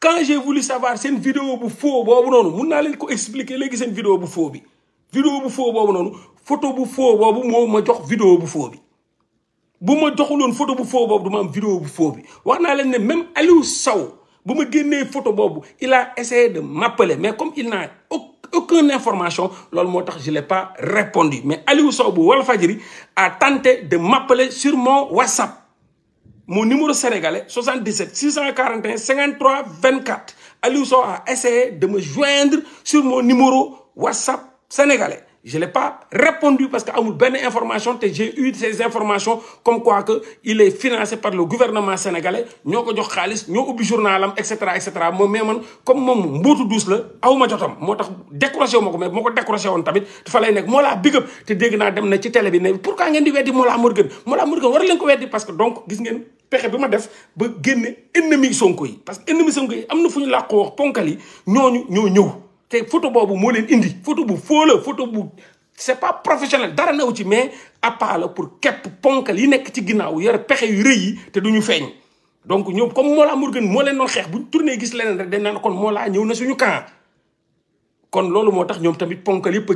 quand j'ai voulu savoir cette vidéo bu faux bobu nonou mun naa leen ko expliquer légui seen vidéo bu faux bi vidéo bu faux bobu nonou photo bu faux bobu mo ma jox vidéo bu faux bi bu ma joxuloon photo bu faux bobu du am vidéo bu faux bi wax naa leen ne même Aliou saw photo il a essayé de m'appeler mais comme il n'a aucune information je ne l'ai pas répondu mais Aliou Sow a tenté de m'appeler sur mon WhatsApp mon numéro sénégalais 77 641 53 24 Aliou a essayé de me joindre sur mon numéro WhatsApp sénégalais je l'ai pas répondu parce que amul benn information te j'ai eu ces informations comme quoi que il est financé par le gouvernement sénégalais ñoo ko jox xaalis ñoo ubbi journalam etc. cetera et cetera comme moom mbuutu duus la awma jotam moo tax décroché wu ma ko mais moo ko décroché woon tamit dafa lay nekk Mollah big up te dégg naa dem na ci télé bi ne pourquoi ngeen di weddi Mollah Morgun Mollah Morgun war leen ko weddi parce que donc gis ngeen pexe bi ma def ba génne ennemi Sonko yi parce que ennemi Sonko yi am na la ñu làqoo wax ponkal yi ñooñu ñoo te photo bobu mo len indi photo bu faux la photo bu c'est pas professionnel dara new ci mais appât la pour kep ponkal yi nek ci ginaaw yore pexe yu rëy te duñu feeñ donc ñoom comme Mollah Morgun mo len no xex bu tourner gis lenen rek dañ naan kon Mollah ñew na suñu camp kon lolu motax ñom tamit ponkal yëpp a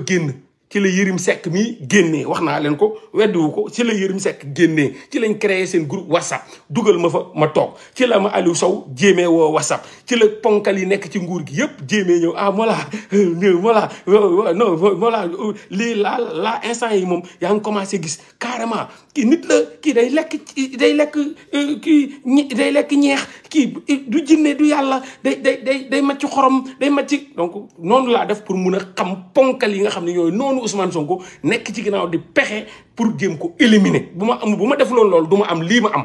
ci le yirim sec mi genné waxna len ko weddiwu ko ci le yirim sec genné ci lañ créer sen groupe WhatsApp duggal ma fa ma tok ci la ma Aliou saw jéemee wo WhatsApp ci le ponkal ci nguur gi ah voilà non voilà voilà, voilà, instant yi commencé gis carrément nit la day day day du du yalla. day day day xorom day donc def pour voilà, xam ponkal yi nga Ousmane Sonko ci di pour ko éliminer am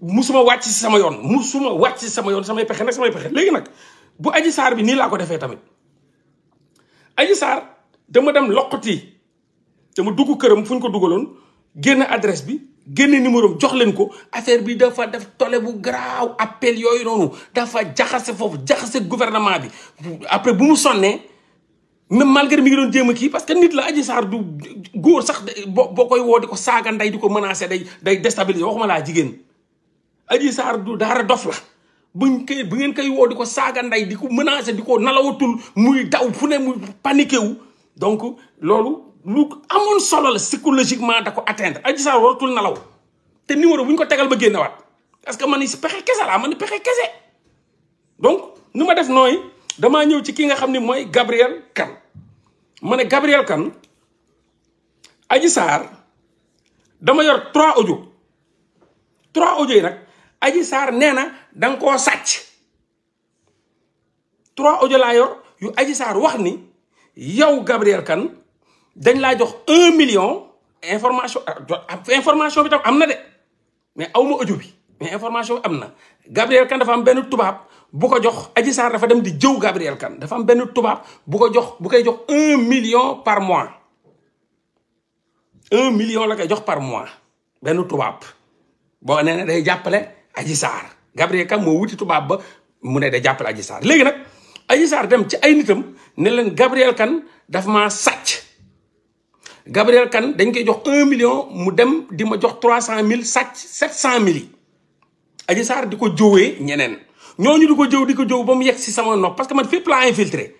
musuma wàcc si sama yoon musuma wàcc si sama yoon samay pexe nag samay pexe léegi nag bu aji saar bi nii laa ko defee tamit aji saar dama dem loqati dama dugg këram fu ñu ko dugaloon génn adresse bi génn numéro jox leen ko affaire bi dafa def tole bu garaaw appel yooyu noonu dafa jaxase foofu jaxase gouvernement bi après bu mu sonnee même malgré mi ngi doon jéem a kii parce que nit la aji saar du góor sax boo koy woo di ko saaga ndey di ko menacer day day déstabiliser waxuma laa jigéen Adji Sarr du dara dof la buñ koy bu ngeen koy woo di ko saaga ndey di ko menacer di ko nalawatul muy daw fu ne muy paniqué wu donc loolu lu amoon solo la psychologiquement da ko atteindre Adji Sarr waratul nalaw te numéro bu ñu ko tegal ba génnewaat parce que man ni pexe kese laa man ni pexe kese donc nu ma def nooy damaa ñëw ci ki nga xam ne mooy Gabriel kan ma ne Gabriel kan Adji Sarr dama yor trois ojo trois audio yi nag Adji saar nee na da nga koo sàcc trois audio laa yu aji Sarr wax ni yow Gabriel kan dañ laa jox un million information ah, information bi tam am na de mais aw ma audio bi mais information am na Gabriel kan dafa am benn tubaab bu ko jox Adji Sarr dafa dem di jëw Gabriel Kane dafa am benn tubaab bu ko jox bu koy jox un million par mois un million la koy jox par mois benn tubaab boo nee day jàppale Adji Sarr Gabriel Kane moo wuti tubaab ba mu ne da jàppale aji Sarr léegi nag Adji Sarr dem ci ay nitam ne leen Gabriel kan daf maa sàcc Gabriel kan dañ koy jox un million mu dem di ma jox trois cent mille sàcc sept cent mille yi Adji Sarr di ko jówee ñeneen ñooñu di ko jëw di ko jëw ba mu yegg si sama nopp parce que man fépp laa infiltré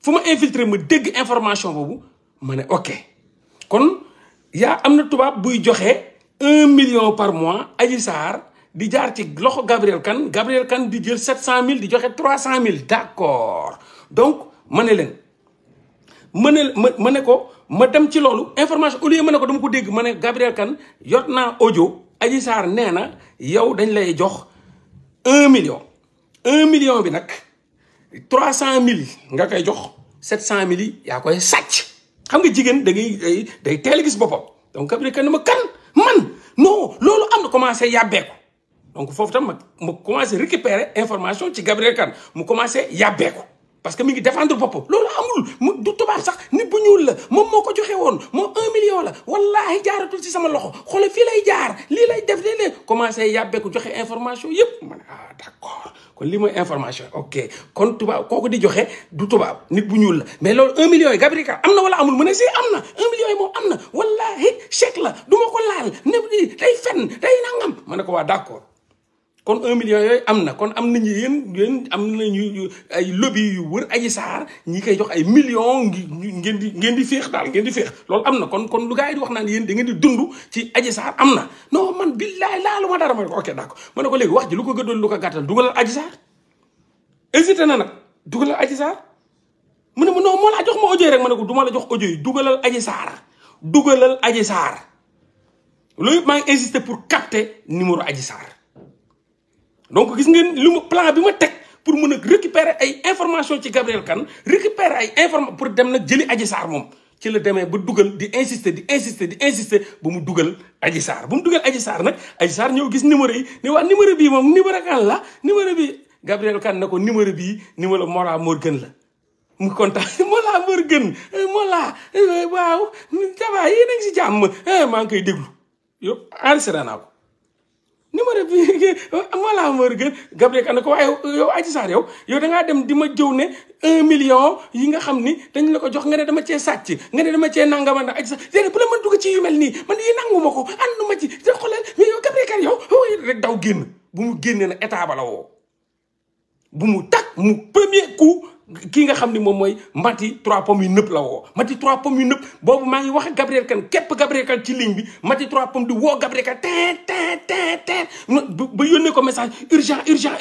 fu ma infiltré ma dégg information boobu ma ne ok kon yaa am na tubaab buy joxe un million par mois Adji Sarr di jaar ci loxo Gabriel kan Gabriel kan di jël 700000 di joxe 300000 d'accord donc ma ne leen ma ne ma ma ne ko ma dem ci loolu information au lieu ma ne ko dama ko dégg ma ne Gabriel Kane yot naa audio aji Sarr nee na yow dañ lay jox 1 million. 1 million bi nag cent 300000 nga koy jox cent yi yaa koy sàcc xam nga jigéen da ngay day teel a gis boppam donc Gabriel Kane ma kan man non loolu am na commencé yàbbee donc foofu tam ma ma commencé récupérer information ci Gabriel Kane mu commencé yàbbee ko parce que mi ngi défendre boppam loolu amul mu du tubaab sax nit bu ñuul la moom moo ko joxe woon moom un million la wallaahi jaaratul ci sama loxo xoole fii lay jaar lii lay def commencé yàbbee ko joxe information yëpp ma ne ah d' accord kon information ok kon tubaab kooku di joxe du tubaab nit bu ñuul la mais loolu un million yi Gabriel Kane am na wala amul mu ne si am na un million yi moom am na wallaahi chèque la du ma ko laal ne day fenn day nangam ma ne ko waa d' accord kon un million yooyu am na kon am na nañu yéen yéen am na nañu ay lobby yu wër aji saar ñi koy jox ay million ngeen di ngeen di feex daal ngeen di féex loolu am na kon kon lu gars yi wax naan yéen da ngeen di dund ci aji saar am na non man billaay laalu ma dara ma ne ko ok d'accord ne ko léegi wax ji lu ko gëddoon lu ko gàttal dugalal aji saar hésité na nag dugalal aji saar mu ne ma non moo laa jox ma audio rek ma ne ko du ma la jox audio yi dugalal aji saar dugalal aji saar loolu yëpp maa ngi pour capter numéro aji donc gis ngeen lu plan bi ma tek pour mën récupérer ay information ci Gabriel kan, récupérer ay information pour dem nak jëli Adji Sarr mom ci le démé ba dugal di insister di insister di insister bu mu duggal Adji Sarr bu mu dugal Adji Sarr nak Adji Sarr ñëw gis numéro yi ni wa numéro bi mom numéro kan la numéro bi Gabriel kan nako nimori bi bii numéro Mora Morgan la mu kontaan mola morgan Mollah euh, euh, waaw ça va yéen a ngi si jàmm euh, maa ngi koy déglu yow enregistré numéro bi voilà Morgan Gabriel Kane ko waaye yow Adji Sarr yow yow da ngaa dem di ma jëw ne un million yi nga xam ni dañ la ko jox nga ne dama cee sàcc nga ne dama nanga nangama ndax Adji Sarr déedéet bu la mën dugg ci yu mel nii man yi nanguma ko àndu ma ci te xoolal mais yow Gabriel Kane yow rek daw génn bu mu génnee na état ba la woo bu mu tag mu premier coup kii nga xam ni moom mooy Mati trois pommes yu nëpp la woo Mati trois pommes yu nëpp boobu maa ngi wax ak Gabriel Kane képp Gabriel Kane ci ligne bi Mati trois pommes di woo Gabriel Kane tin tin tin tin ba yónnee ko message urgent urgent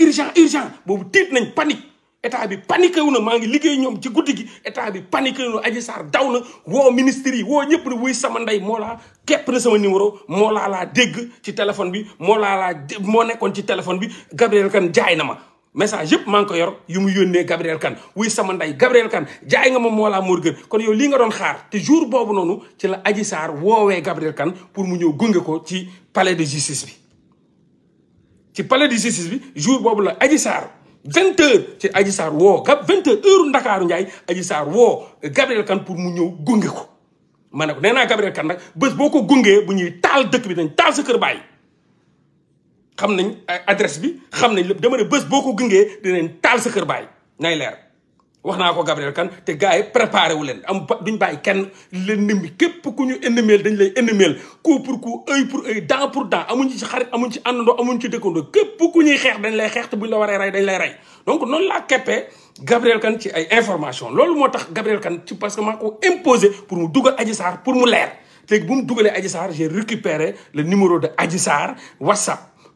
urgent urgent boobu tiit nañ panique état bi paniqué wu na maa ngi liggéey ñoom ci guddi gi état bi paniqué wu na Adji Sarr daw na woo ministre yi woo ñëpp ne wuy sama ndey moo laa képp na sama numéro moo laa laa dégg ci téléphone bi moo laa laa moo nekkoon ci téléphone bi Gabriel Kane jaay na ma message yëpp maa ngi ko yor yu mu yónnee Gabriel kan wuy sama ndey Gabriel Kane jaay nga ma Mollah Morgun kon yow lii nga doon xaar te jour boobu noonu ci la Adji Sarr woowee Gabriel Kane pour mu ñëw gunge ko ci palais de justice ci palais bi jour boobu la Adji Sarr vingt ci Adji woo gab vingt Ndakaaru Ndiaye Adji Sarr woo Gabriel Kane pour mu ñëw gunge ko. ma ne ko nee naa Gabriel Kane nag bés boo ko gungee bu ñuy taal dëkk bi dañ taal sa kër bàyyi. xam nañ adresse bi xam nañ lépp dama ne bés boo ko gëngee dinañ taal sa kër baay nay leer wax naa ko Gabriel kan te gars yi préparé wu leen am duñ bàyyi kenn l'ennemi képp ku ñu ennemeel dañ lay ennemeel coup pour coup œil pour œil dent pour dent amuñ ci xarit amuñ amuñ ci dëkkandoo képp ku ñuy xeex dañ lay xeex te buñ la waree rey dañ lay rey donc noonu laa keppee Gabriel Kane ci ay information loolu moo tax Gabriel kan ci parce que maa ko imposé pour mu dugal Adji Sarr pour mu leer léegi bu mu dugalee Adji Sarr j'ai récupéré le numéro de aji Sarr WhatsApp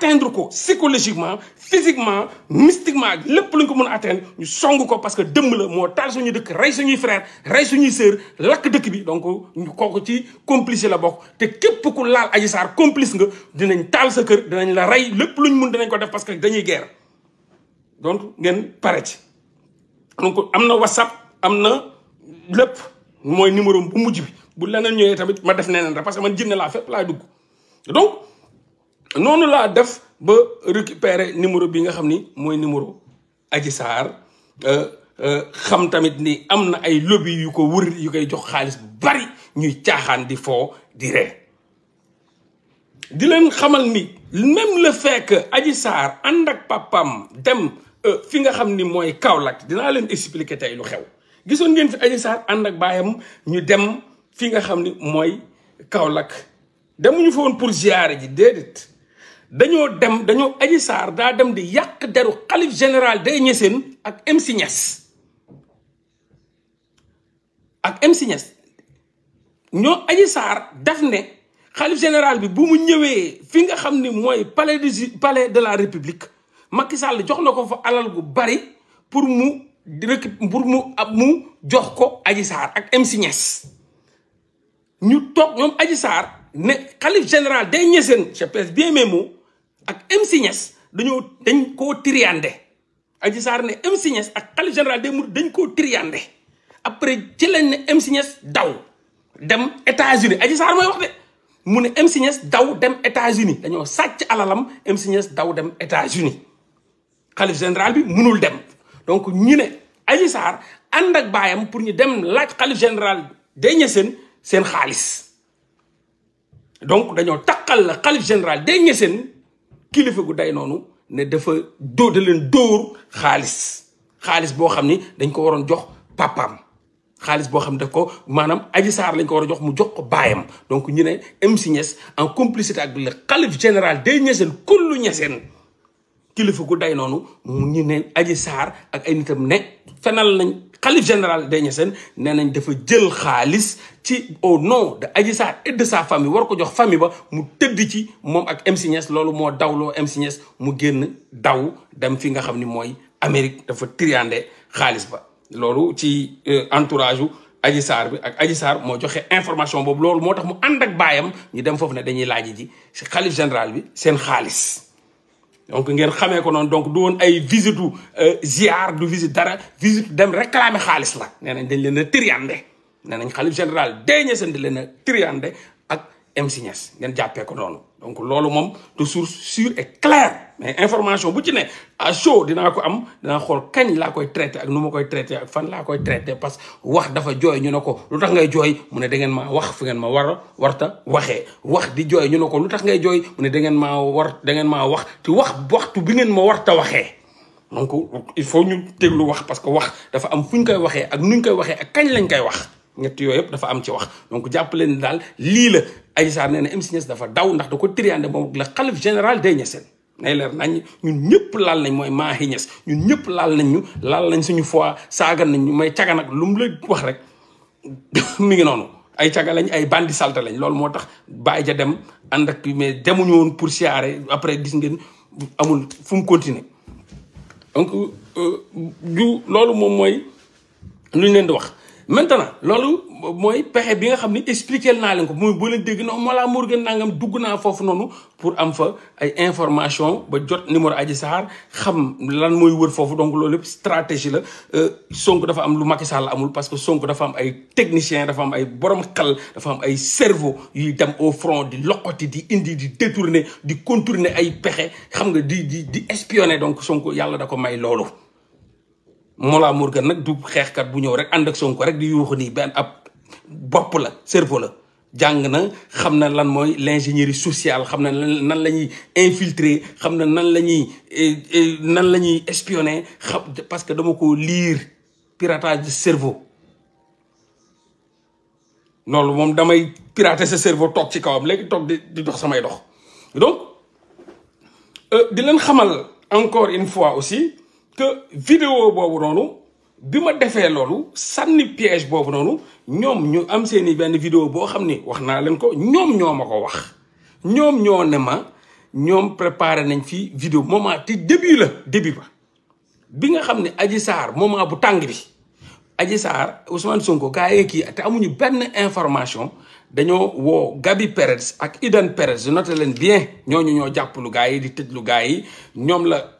atteindre ko psychologiquement physiquement mystiquement lepp luñ ko mën atteindre ñu songu ko parce que dëmm la mo tal suñu dëkk ray suñu frère ray suñu sœur lak dëkk bi donc ñu kooku ci complice la bok té képp ku laal aji sar complice nga dinañ tal sa kër dinañ la ray lepp luñ ñu dinañ ko def parce que dañuy guerre donc ngeen paré ci donc amna whatsapp amna lepp moy numéro bu mujj bi bu leneen ñëwé tamit ma def neneen rek parce que man jinne la fépp la dugg donc noonu laa def ba récupérer numéro bi nga xam ni mooy numéro Adji Sarr euh, euh, xam tamit ni am na ay lobby yu ko wër yu koy jox xaalis bu bari ñuy caaxaan di foo di ree di leen xamal ni même la fekk que Adji ànd ak papam dem euh, fi nga xam ni mooy Kaolack dinaa leen expliquer tey lu xew gisoon ngeen fi Adji Sarr ànd ak baayam ñu dem fi nga xam ni mooy Kaolack demuñu fa woon pour ziyaare ji déedéet dañoo dem dañoo aji saar daa dem di yàq deru xalif général day ñeseen ak MC Niass ak MC ñoo aji saar daf ne xalif général bi bu mu ñëwee fi nga xam ni mooy palais de la république Macky sàll jox na ko fa alal gu bari pour mu pour mu ab mu jox ko aji saar ak MC Niass ñu toog ñoom aji saar ne xalif général day ñeseen je pèse bien mes mots ak MC Niass dañoo dañ koo triandé Adji Sarr ne MC Niass ak xalifa général des mourides dañ koo triandé après ci lañ ne MC Niass daw dem États-Unis Adji Sarr mooy wax de mu ne MC Niass daw dem États-Unis dañoo sàcc alalam MC Niass dem États-Unis xalifa général bi mënul dem donc ñu ne Adji Sarr ànd ak baayam pour ñu dem laaj xalifa général des Niassènes seen xaalis donc dañoo takkal la xalifa général des Niassènes kilifa gu day noonu ne dafa dóor da leen dóor xaalis xaalis boo xam ni dañ ko waroon jox papaam xaalis boo xam ne daf ko maanaam Adji Sarr lañ ko war a jox mu jox ko baayam donc ñu ne MC Niass en complicité ak le xalif général day Niassène kullu Niassène kilifa gu day noonu ñu ne Adji Sarr ak ay nitam ne fenal nañ xalif général des Niassène nee nañ dafa jël xaalis ci au no de Adji Sarr et de sa famille war ko jox famille ba mu tëdd ci moom ak MC loolu moo daw MC Niass mu génn daw dem fi nga xam ni mooy Amérique dafa triande xaalis ba loolu ci euh, entourage u Adji Sarr bi ak Adji Sarr moo joxe information boobu loolu moo tax mu ànd ak baayam ñu dem foofu ne dañuy laaji ji si xalif général bi seen xaalis donc ngeen xamee ko noonu donc du woon ay visite u euh, ziar du visite dara visite dem réclamer xaalis la nee nañ dañ leen a triande nee nañ xalif général deñe seen di leen a triande ak MC Niass ngeen jàppee ko noonu donc loolu moom de sur sûre et claire mais information bu ci ne à chaud dinaa ko am dinaa xool kañ laa koy traité ak nu ma koy traité ak fan laa koy traité parce que wax dafa jooy ñu ne ko lu tax ngay jooy mu ne da ngeen maa wax fi ngeen ma war a warta waxee wax di jooy ñu ne ko lu tax ngay jooy mu ne da ngeen maa war da ngeen maa wax te wax waxtu bi ngeen ma warta waxee donc il faut ñu déglu wax parce que wax dafa am fu ñu koy waxee ak nuñ koy waxee ak kañ lañ koy wax ñetti yooyu yëpp dafa am ci wax donc jàpp leen ni daal lii la ay Sarr nee na MC Niass dafa daw ndax da ko triandé moom la xalif général des Niassènes nay leer nañ ñun ñëpp laal nañ mooy maa Mahi Niass ñun ñëpp laal nañ ñu laal nañ suñu fois saagan nañ ñu may caga nag lu mu la wax rek mi ngi noonu ay caga lañ ay bandi salta lañ loolu moo tax bàyyi ja dem ànd ak mais demuñu woon pour siyaare après gis ngeen amul fu mu donc euh, loolu moom mooy lu ñu leen di wax maintenant loolu mooy pexe bi nga xam ni expliqué naa leen ko mooy boo leen dégg noonu Mollah Morgun nangam dugg naa foofu noonu pour am fa ay information ba jot numéro Adji saar xam lan mooy wër foofu donc loolu lépp stratégie la euh, Sonko dafa am lu Macky Sall amul parce que Sonko dafa am ay technicien dafa am ay borom xel dafa am ay cerveau yi dam au front di loqoti di indi di détourner di contourner ay pexe xam nga di di di espionner donc Sonko yàlla da ko may loolu mola morgan nak du kat bu ñew rek and ak Sonko rek di yuuxu nii ben ab bop la cerveau la jang na xam na lan moy l'ingénierie sociale xam na nan lañuy infiltrer xam na nan lañuy eh, eh, nan lañuy espionner parce que dama ko lire piratage de cerveau lolou mom damay pirater ce cerveau tok ci kawam léegi tok di dox samay dox donc euh, di leen xamal encore une fois aussi te vidéo boobu noonu bi ma defee loolu sànni piège boobu noonu ñoom ñu am seen i benn vidéo boo xam ni wax naa leen ko ñoom ñoo ma ko wax ñoom ñoo ne ma ñoom préparé nañ fi vidéo moment te début la début ba bi nga xam ne Adji Sarr moment bu tàng bi Adji Sarr Ousmane Sonko gaa yee kii te amuñu benn information dañoo woo Gabi Perez ak Idan Perez noté leen bien ñooñu ñoo jàpp lu gaa yi di tëj lu gaa yi ñoom la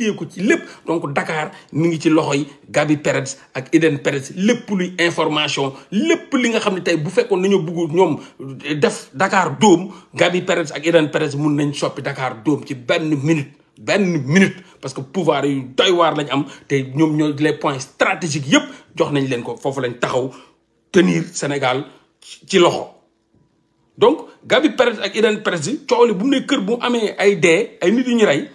téye ko ci lépp donc dakaar mi ngi ci loxo yi Gabi Peretz ak Eden Peretz lépp luy information lépp li nga xam ne tey bu fekkoon nañu bëgg ñoom def Dakar dóom Gabi Peretz ak Eden Peretz mun nañ soppi dakaar dóom ci benn minute benn minute parce que pouvoir yu doy waar lañ am te ñoom ñoo les points stratégiques yëpp jox nañ leen ko foofu lañ taxaw tenir Sénégal ci loxo donc Gabi Peretz ak Eden Peretz yi coow li bu mu ne kër bu amee ay dee ay nit yu ñu rey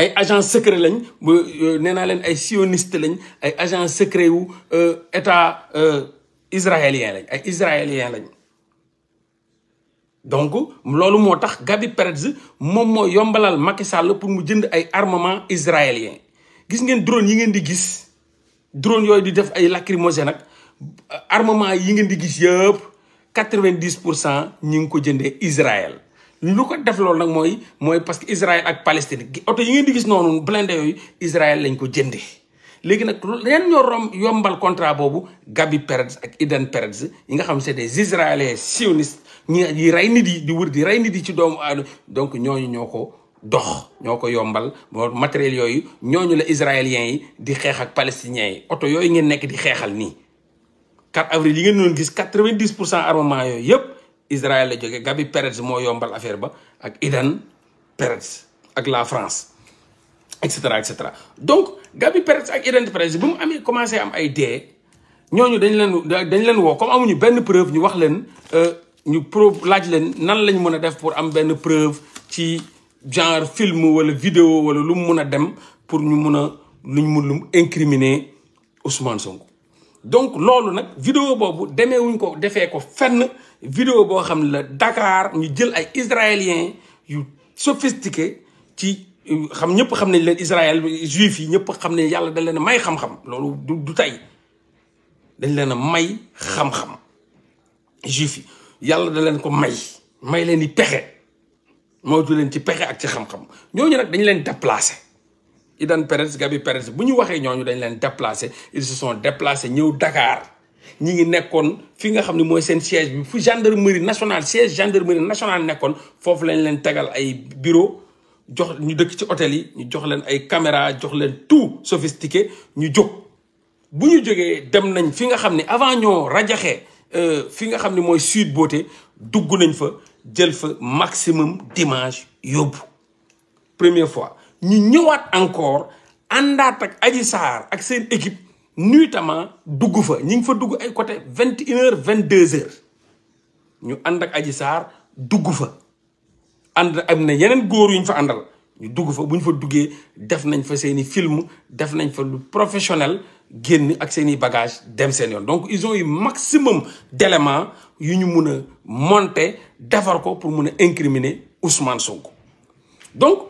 ay agent secret lañ euh, nee naa leen ay sioniste lañ ay agent secret wu euh, état euh, israélien lañ ay israélien lañ donc loolu moo tax Gabi Perez moom moo yombalal Macky Sall pour mu jënd ay armement israélien gis ngeen drone yi ngeen di gis drone yooyu di def ay lacrymogène nag armement yi ngeen di gis yëpp quatre-vingt-dix pour cent ñi ngi ko jëndee Israël lu ko def loolu nag mooy mooy parce que Israël ak Palestine oto yi ngeen di gis noonu blindé yooyu Israël lañ ko jënde léegi nag ren ñoo rom yombal contrat boobu Gabi Peretz ak Idan Peretz yi nga xam c'est des Israéliens sionistes ñi yi rey nit yi di wër di rey nit yi ci doomu aadama donc ñooñu ñoo ko dox ñoo ko yombal moo matériel yooyu ñooñu la israéliens yi di xeex ak palestiniens yi oto yooyu ngeen nekk di xeexal nii 4 avril yi ngeen doon gis 90 pour cent armement yooyu yëpp Israël la que Gabi Perez mo yombal affaire ba Eden Perez ak la France etc. donc Gabi Perez ak Eden Perez bu mu ont commencé am ay dé ñooñu dañ leen dañ leen wo comme amuñu preuve ñu wax leen euh, ñu probe laaj leen nan lañ pour am preuve genre film wala vidéo dem pour ñu incriminer Ousmane Sonko donc loolu nag vidéo boobu demeewuñ ko defee ko fenn vidéo boo xam ne la Dakar ñu jël ay israéliens yu sophistiqué ci xam ñëpp xam nañ leen Israël juif yi ñëpp xam ne yàlla dañ leen a may xam-xam loolu du tey dañ leen a may xam-xam juif yi yàlla da leen ko may may leen di pexe moytu leen ci pexe ak ci xam-xam ñooñu nag dañu leen déplacé Idan Perez Gabi Perez buñu waxé ñoñu dañ leen déplacé ils se sont déplacés ñeu Dakar ñi ngi nekkoon fi nga xamni moy sen siège bi fu gendarmerie nationale siège gendarmerie nationale nekkoon fofu lañ leen tégal ay bureau jox ñu dëkk ci hôtel yi ñu jox leen ay caméra jox leen tout sophistiqué ñu jox. Buñu joggé dem nañ fi nga xamni avant ñoo euh fi nga xamni moy mooy Beauté dugg nañ fa jël fa maximum dimanche yobbu. première fois ñu ñëwaat encore àndaat ak aji Sarr ak seen équipe nuitamment dugg fa ñi ngi fa dugg ay côté 21 une 22 vingt heures ñu ànd ak Adji Sarr dugg fa ànd am na yeneen góor yu fa àndal ñu dugg fa bu ñu fa duggee def nañ fa seeni film def nañ fa lu professionnel génn ak seeni bagage dem seen yoon donc ils ont eu maximum d'éléments yu ñu mun a monter defar ko pour mun a incriminer Ousmane Sonko donc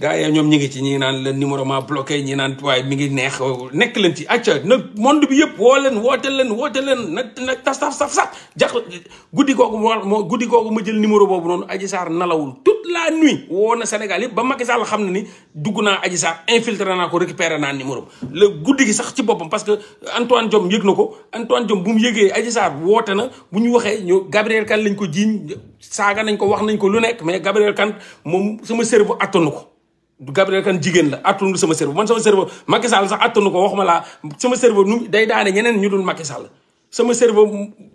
gaa yi ñoom ñi ngi ci ñi naan leen numéro ma bloqué ñi naan waaye mi ngi neex nekk leen ci acca nag monde bi yëpp woo leen woote leen woote leen nag nag tas taf saf saf jax guddi googu moo guddi googu ma jël numéro boobu noonu Adji Sarr nalawul toute la nuit woo na Sénégal yëpp ba Macky Sall xam na ni dugg naa Adji Sarr infiltré naa ko récupéré naa numéro la guddi gi sax ci boppam parce que Antoine Diome yëg na ko Antoine Diome bu mu yëgee Adji woote na bu ñu waxee ñu Gabriel kan lañ ko jiiñ saaga nañ ko wax nañ ko lu nekk mais Gabriel kan moom sama cerveau attanu ko Gabriel Kane jigéen la attanul sama cerveau man sama cerveau Macky Sall sax nu ko ma laa sama cerveau nu day daane ñeneen ñu dul Macky Sall sama cerveau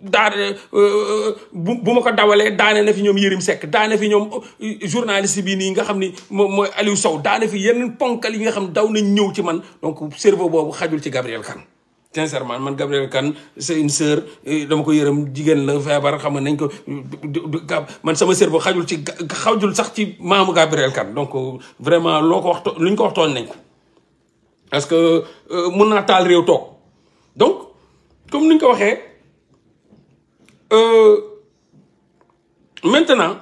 daa euh, euh, bu bu ma ko dawalee daane na fi ñoom Yérim sekk daane fi ñoom euh, journaliste bi nii nga xam ni moom mooy Aliou Sow daane fi yeneen ponkal yi nga xam daw nañ ñëw ci man donc cerveau boobu xajul ci Gabriel Kane sincèrement man Gabriel Khan, c'est une sœur dama ko yeureum jigen la febar xam nañ ko man sama sœur ci sax ci Gabriel donc vraiment loko wax ko parce que euh, donc comme niñ euh, maintenant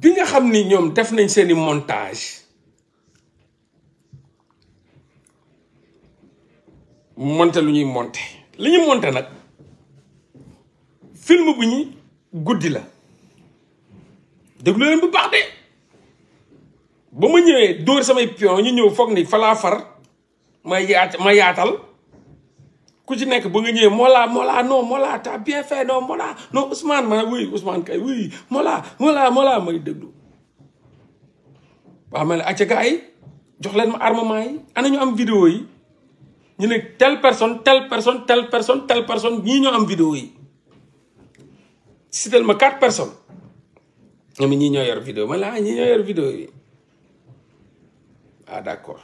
bi nga xamni montage monte lu ñuy monte li ñu monte nag film bu ñu guddi la déglu leen bu baax de ba ma ñëwee dóor samay pion ñu ñëw foog ni falaa far ma yaat ma yaatal ku ci nekk ba nga ñëwee Mollah Mollah non Mollah t'as bien fait non Mollah non Ousmane ma ne oui Ousmane kay oui Mollah Mollah Mollah may déglu waaw ma ne acca gars yi jox leen ma armement yi ana ñu am vidéo yi ñu ne telle personne telle personne telle personne telle personne ñi ñu am vidéo yi sitel ma quatre personnes ñoom ñii ñoo yor vidéo ma la ah, ñii ñoo yor vidéo yi ah d'accord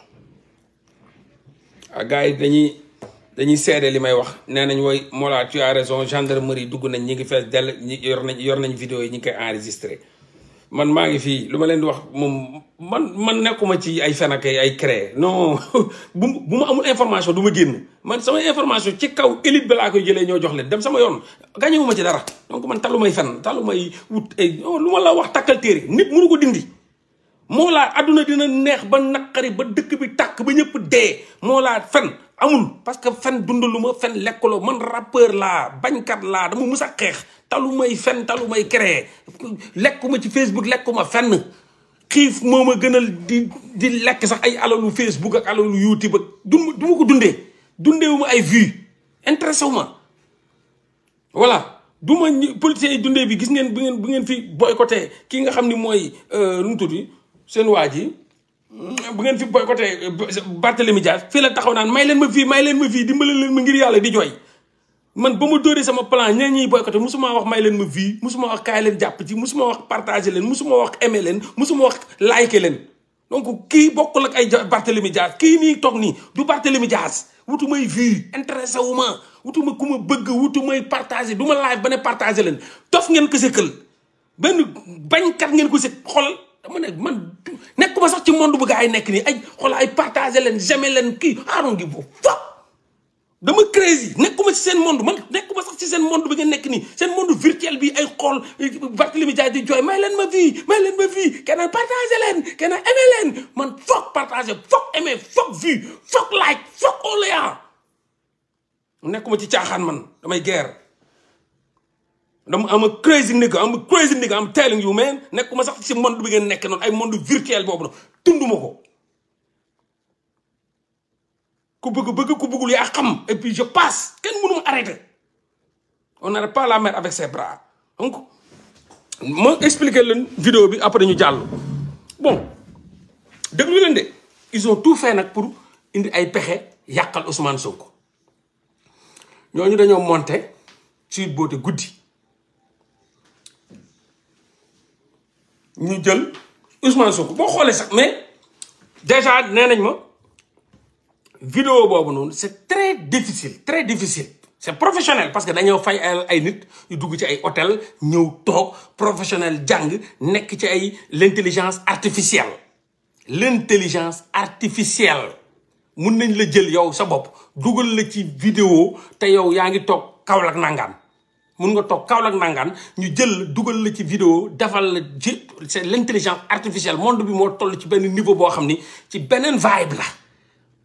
ah gars yi dañuy dañuy sédé li may wax nee nañ wooy tu as raison gendarmerie dugg nañ ñi ngi fess del ñi yor nañ yor nañ vidéo yi ñi koy enregistrer man maa ngi fii lu ma leen di wax moom man man nekkuma ci ay fen ak ay créé non bu bu ma amul information du ma génn man sama information ci kaw élite bi laa koy jëlee ñoo jox leen dem sama yoon gàññewu ma ci dara donc man talu may fen talu may wut lu ma la wax takkal téere nit mënu ko dindi moo laa àdduna dina neex ba naqari ba dëkk bi tàkk ba ñëpp dee moo laa fen amul parce que dund lu ma fen lekkaloo man rappeur laa bañkat laa dama mus a xeex talu may fen talu may créer lekuma ci facebook lekuma fenn xif moma ma gënal di di lek sax ay alalu facebook ak alalu youtube ak du du dundé dundé dundee ay vue intéressé wu ma voilà du ma politiciens dundé bi gis ngeen bu ngeen bu ngeen fi boycotté ki nga xamni moy euh lu mu tudd bu ngeen fi boycotté euh, Barthélemy Diaz fi la taxaw naan may leen ma di may leen ma fii leen ma ngir yalla di joy man ba ma dóoree sama plan ñee ñiy boycotté musuma wax may leen ma vie musuma wax kaay leen jàpp ci suma wax partagé leen musuma wax aimé leen musuma wax liké leen donc kii bokkul ak ay Barthélemy Dias kii nii toog nii du Barthélemy Dias wutu may vie intéressé wu ma wutu ma ma bëgg wutu may partagé du ma live ba ne leen dof ngeen ko kël benn bañ kat ngeen ko sëkk xol dama nekk man nekk nekkuma sax ci monde bu gaa ay nekk nii ay xol ay partagé leen jamais leen kii xaaroon gi boobu dama crazy nekkuma ci seen monde man nekkuma sax ci seen monde bi nga nekk nii seen monde virtuel bi ay xool Barthélemy Dias di jooy may leen ma vie may leen ma vie keneen partagé leen keneen aimé leen man foog partagé foog aimé foog vie foog like foog nekku ma ci caaxaan man damay guerre dama am a crazy nigga am a crazy nigga am telling you man nekkuma sax ci monde bi ngeen nekk noonu ay monde virtuel boobu noonu tunduma ko et puis je passe Qu'est-ce que arrêter on n'arrête pas la mer avec ses bras donc vous expliquer la vidéo après nous bon depuis ils ont tout fait pour indi ay pexe Ousmane Sonko nous dañoo monté ci de Nous Ousmane Sonko mais déjà nous avons vidéo bobu non c'est très difficile très difficile c'est professionnel parce que dañoo fay ay nit yu dugg ci ay hôtel ñëw tok professionnel jang nek ci ay l'intelligence artificielle l'intelligence artificielle mën nañ la jël yow sa bop duggal la ci vidéo té yow yaangi tok toog nangam mën nga tok Kaolack nangam ñu jël duggal la ci vidéo defal la c'est l'intelligence artificielle monde bi mo toll ci ben niveau bo xamni ci benen vibe la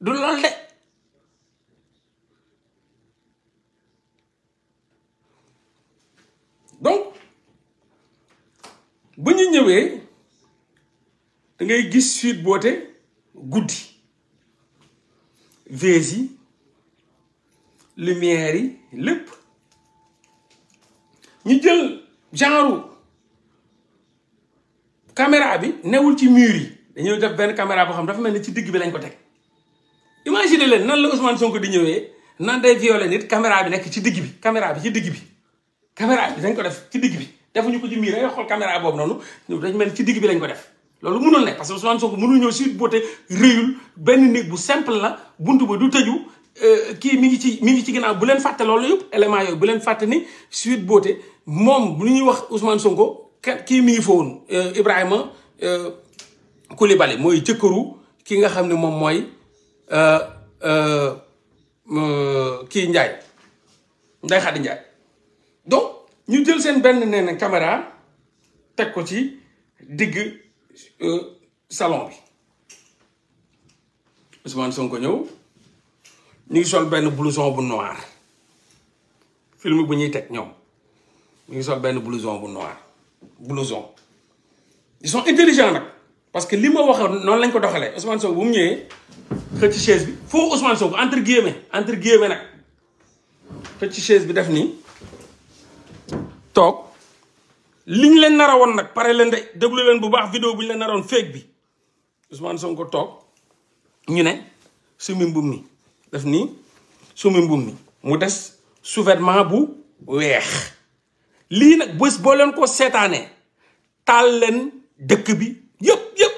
du lool de donc ba ñu ñëwee dangay gis Sweet Beauté guddi vées yi lumière yi lépp ñu jël genre caméra bi newul ci mur yi dañuy def benn caméra boo xam dafa mel ni ci digg bi lañ ko teg imagine leen nan la Ousmane Sonko di ñëwee nan day violé nit caméra bi nekk ci digg bi caméra bi ci digg bi caméra bi dañ ko def ci digg bi defuñu ko ci miir rek xool caméra boobu noonu dañ mel ci digg bi lañ ko def loolu mënul ne parce que Ousmane Sonko mënul ñëw Sweet Beauté réyul benn néeg bu simple la buntu ba du tëju euh, kii mi ngi ci mi ngi ci ginnaaw bu leen fàtte loolu yëpp élément yooyu bu leen fàtte ni Sweet Beauté moom lu ñuy wax Ousmane Sonko kii mi ngi fa woon euh, Ibrahima euh, Koulibaly mooy jëkkëru ki nga xam ne moom mooy kii Ndiaye Ndeye Khady Ndiaye donc ñu jël seen benn nee na teg ko ci digg euh, salon bi Ousmane Sonko ñëw ñu ngi sol benn blouson bu noir film bu ñuy teg ñoom ñu ngi sol benn blouson bu noir blouson ils sont intelligents nag parce que li ma waxoon noonu lañ ko doxalee Ousmane Sonko bu mu ñëwee. xëcc chaise bi foo Ousmane Sonko entre guillemets entre guillemets nag xëcc chaise bi def nii toog liñ leen nara woon nag pare leen de déglu leen bu baax vidéo bu ñu leen naroon feeg bi Ousmane Sonko toog ñu ne sumi mbub mi def nii sumi mbubb mi mu des sous bu weex lii nag bés boo leen ko seetaanee taal leen dëkk bi yëpp yëpp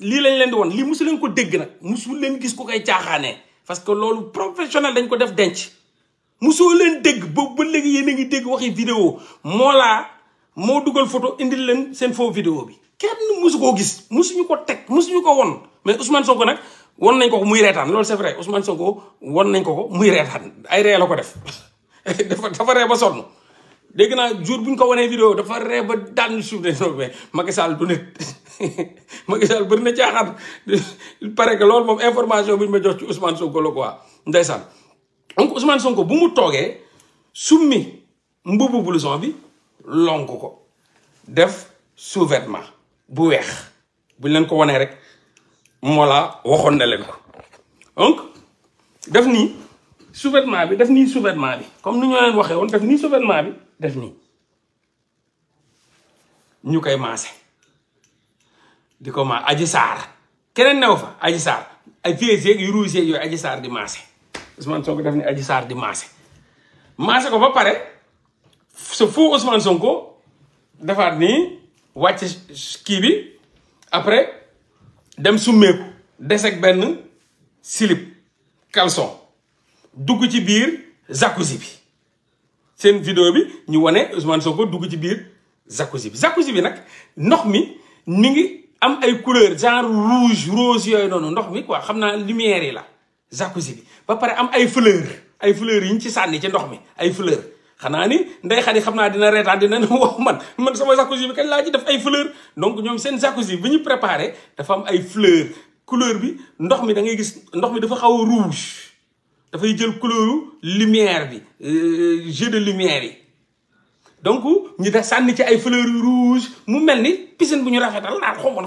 lii lañ leen di woon lii musu leen ko dégg nag musu leen gis ko koy caaxaane parce que loolu professionnel dañ ko def denc mosoo leen dégg boobu ba léegi yéen a ngi dégg waxi vidéo moo laa moo dugal photo indil leen seen foo vidéo bi kenn mosu koo gis mosuñu ko teg mosuñu ko won mais Ousmane Sonko nag won nañ ko ko muy reetaan loolu c'est vrai Ousmane Sonko won nañ ko ko muy reetaan ay ree la ko def dafa dafa ree ba sonn dégg naa jour bu ñu ko wanee vidéo dafa ree ba daan ñu suuf de mais Macky Sall du nit Macky Sall bëri na caaxaan il que loolu moom information bi ñu ma jox ci Ousmane Sonko la quoi ndeysaan donc Ousmane Sonko bu mu toogee summi mbubu blouson bi lonk ko def sous bu weex buñ leen ko wanee rek Mollah waxoon na leen ko donc def nii sous bi def nii sous-vêtement bi comme nu ñoo leen waxee woon def nii sous bi def nii ñu koy maase di ko ma aji saar keneen new fa aji saar ay vieux yeeg yu rouge yeeg yooyu aji saar di maase Ousmane Sonko def ni aji saar di maase maase ko ba pare sa fou Ousmane Sonko defaat nii wàcc kii bi après dem summeeku deseg benn silip caleçon dugg ci biir jacuzzi bi seen vidéo bi ñu wane Ousmane Sonko dugg ci biir jacuzzi bi jacuzzi bi nag ndox mi mi ngi am ay couleur genre rouge rose yooyu noonu ndox mi quoi xam naa lumière yi la jacuzzi bi ba pare am ay fleur ay fleur yi ñu ci sànni ci ndox mi ay fleur xanaa ni ndey xadi xam naa dina reetaan dina ne wax man man sama jacuzzi bi kañ laa ji def ay fleur donc ñoom seen jacuzzi bi ñu préparé dafa am ay fleur couleur bi ndox mi da ngay gis ndox mi dafa xaw a rouge dafay jël couleur lumière bi euh jeu de lumière yi donc ñu da sanni ci ay fleur rouge mu melni piscine buñu ñu rafetal naan xaw ma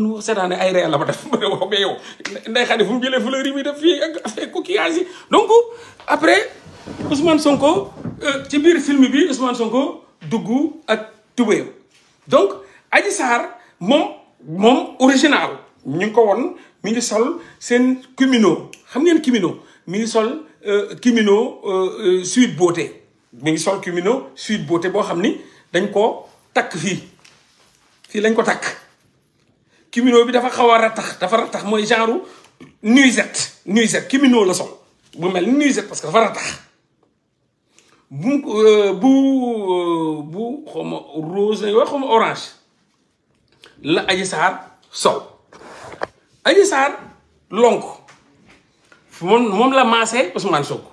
man seetaan ay réel la ba def ma wax yow nday xam ne fu mu jëlee yi muy def fi ak coquillage donc après Ousmane Sonko euh, ci biir film bi Ousmane Sonko duggu ak tubéew donc Adji Sarr mom mom original ñu ko won mi ngi sol sen kimono xam ngeen kimono mi euh, euh, euh, kimino suite beauté suite beauté bo xamni dañ ko tak sont fi lañ ko tak kimino bi dafa xawa ratax dafa ratax genre la bu parce que dafa ratax bu bu bu rose wax orange la aji sar, sol aji sar, mom la maasee Ousmane Sonko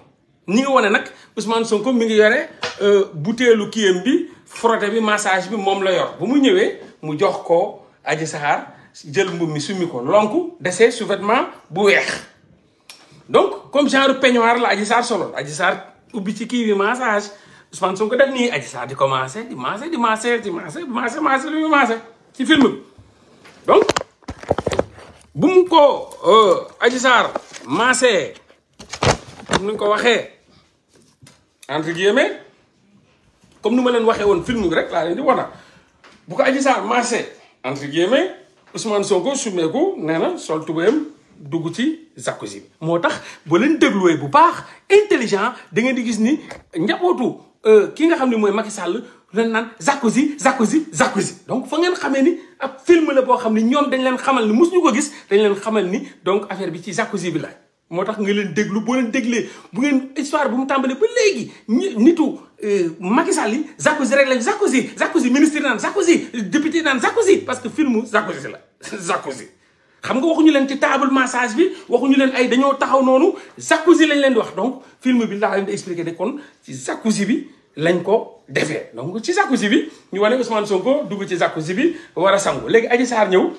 ni nga woné nak Ousmane Sonko mi ngi yoré euh butéelu kiyam bi frotté bi massage bi mom la yor bu mu ñëwé mu jox ko Adji Sahar jël mbum mi summi ko lonku déssé sous-vêtement bu wéx donc comme genre peignoir la Adji Sahar solo Adji Sahar ubi ci kii bi massage Ousmane Sonko def ni Adji Sahar di commencé di massé di massé di massé massé massé lu ñu massé ci film donc bu mu ko euh, Adji Sarr maasee comme ni ñu ko waxee entre comme ni ma leen waxee woon film bi rek laa leen di wana bu ko Adji Sarr maasee entre guillemets Ousmane Sonko sumeeku nee na sol tubéyam dugg ci jacuzzi moo tax ba leen dégluwee bu baax intelligent da ngeen di gis ni njabootu euh, ki nga xam ne mooy Macky Sall. leen naan Sarkozy donc fa ngeen ni film la boo xam ñoom dañ leen xamal ni mosuñu ko gis dañ leen xamal ni donc affaire bi ci bi nga leen leen bu ngeen histoire bu mu faut que gens, nitu euh, Macky Sall yi Sarkozy rek lañ Sarkozy Sarkozy ministre Zakouzi, député Zakouzi. parce que le film, la le xam nga vous leen ci table massage bi waxuñu leen ay dañoo taxaw noonu Sarkozy lañ leen donc film bi laa le di lañ ko defee donc ci jacuzzi bi ñu wone Ousmane Sonko dugg ci jacuzzi bi wara sangu légui aji sar ñew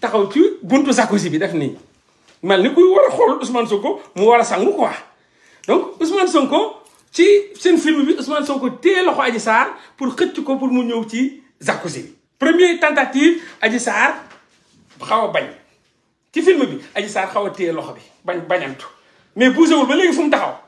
taxaw ci buntu jacuzzi bi def ni mel ni kuy wara xol Ousmane Sonko mu wara sangu quoi donc Ousmane Sonko ci seen film bi Ousmane Sonko téé loxo aji sar pour xëcc ko pour mu ñëw ci jacuzzi bi. premier tentative aji sar xaw a bañ ci film bi aji sar xawa téé loxo bi bañ bañantu mais wul ba légui fu mu taxaw.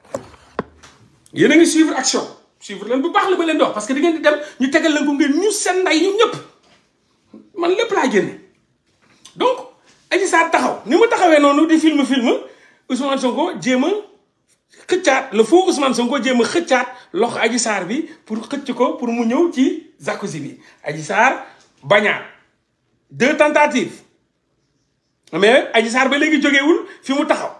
yéen ngi suivre action suivre leen bu baax la ba leen dox parce que di ngeen dem ñu tegal leen ko ngeen ñu seen nday ñu ñëpp man lépp laa génne donc Adji Sarr taxaw ni mu taxawee noonu di film film Ousmane Sonko jéem a xëccaat le faux Ousmane Sonko jéem a xëccaat loxo Adji bi pour xëcc ko pour mu ñëw ci jacuzzi bi Adji Sarr bañaat deux tentatives mais Adji Sarr ba léegi jógewul fi mu taxaw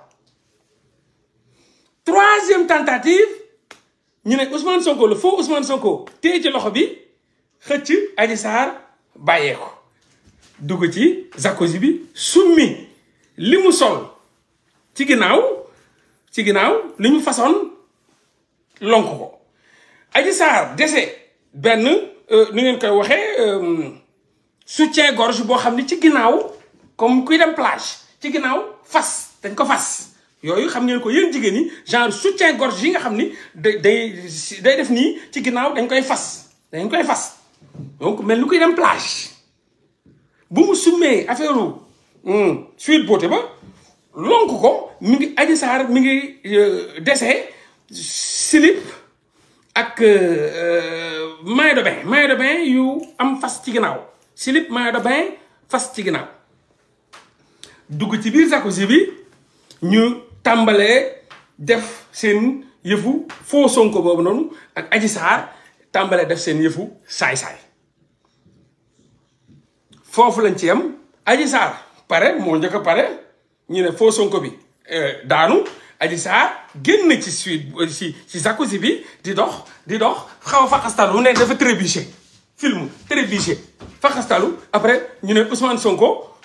troisième tentative ñu ne Ousmane Sonko la foo Ousmane Sonko téye ci loxo bi xëcc Adji Sarr bàyyee dugg ci Sarkozy bi summi li mu sol ci ginnaaw ci ginnaaw li ñu façon lonk ko Adji Sarr dese benn euh, nu ngeen koy waxee euh, soutien gorge boo xam ni ci ginnaaw comme kuy dem plage ci ginnaaw fas dañ ko fas yooyu xam ngeen ko yéen jigéen ñi genre soutien gorge yi nga xam ni day day def nii ci ginnaaw dañ koy fas dañ koy fas donc mel lu koy dem plage bu mu summee affaire suite hmm, beauté ba lonk ko mu ngi Adji Sarr mi ngi euh, dese slip ak euh, euh, maillot de bain maillot de bain yu am fas ci ginnaaw slip maillot de bain fas ci ginnaaw dugg ci biir jacuzzi bi ñu Tambalé def sin, yefu fo Sonko boobu ak Adji def sen yefu say say fofu lañ ci yam Adji pare mo ñëk a ñi né ne Sonko bi euh, daanu Adji sar ci suite euh, ci ci di dox di dox dafa film après ñu ne Ousmane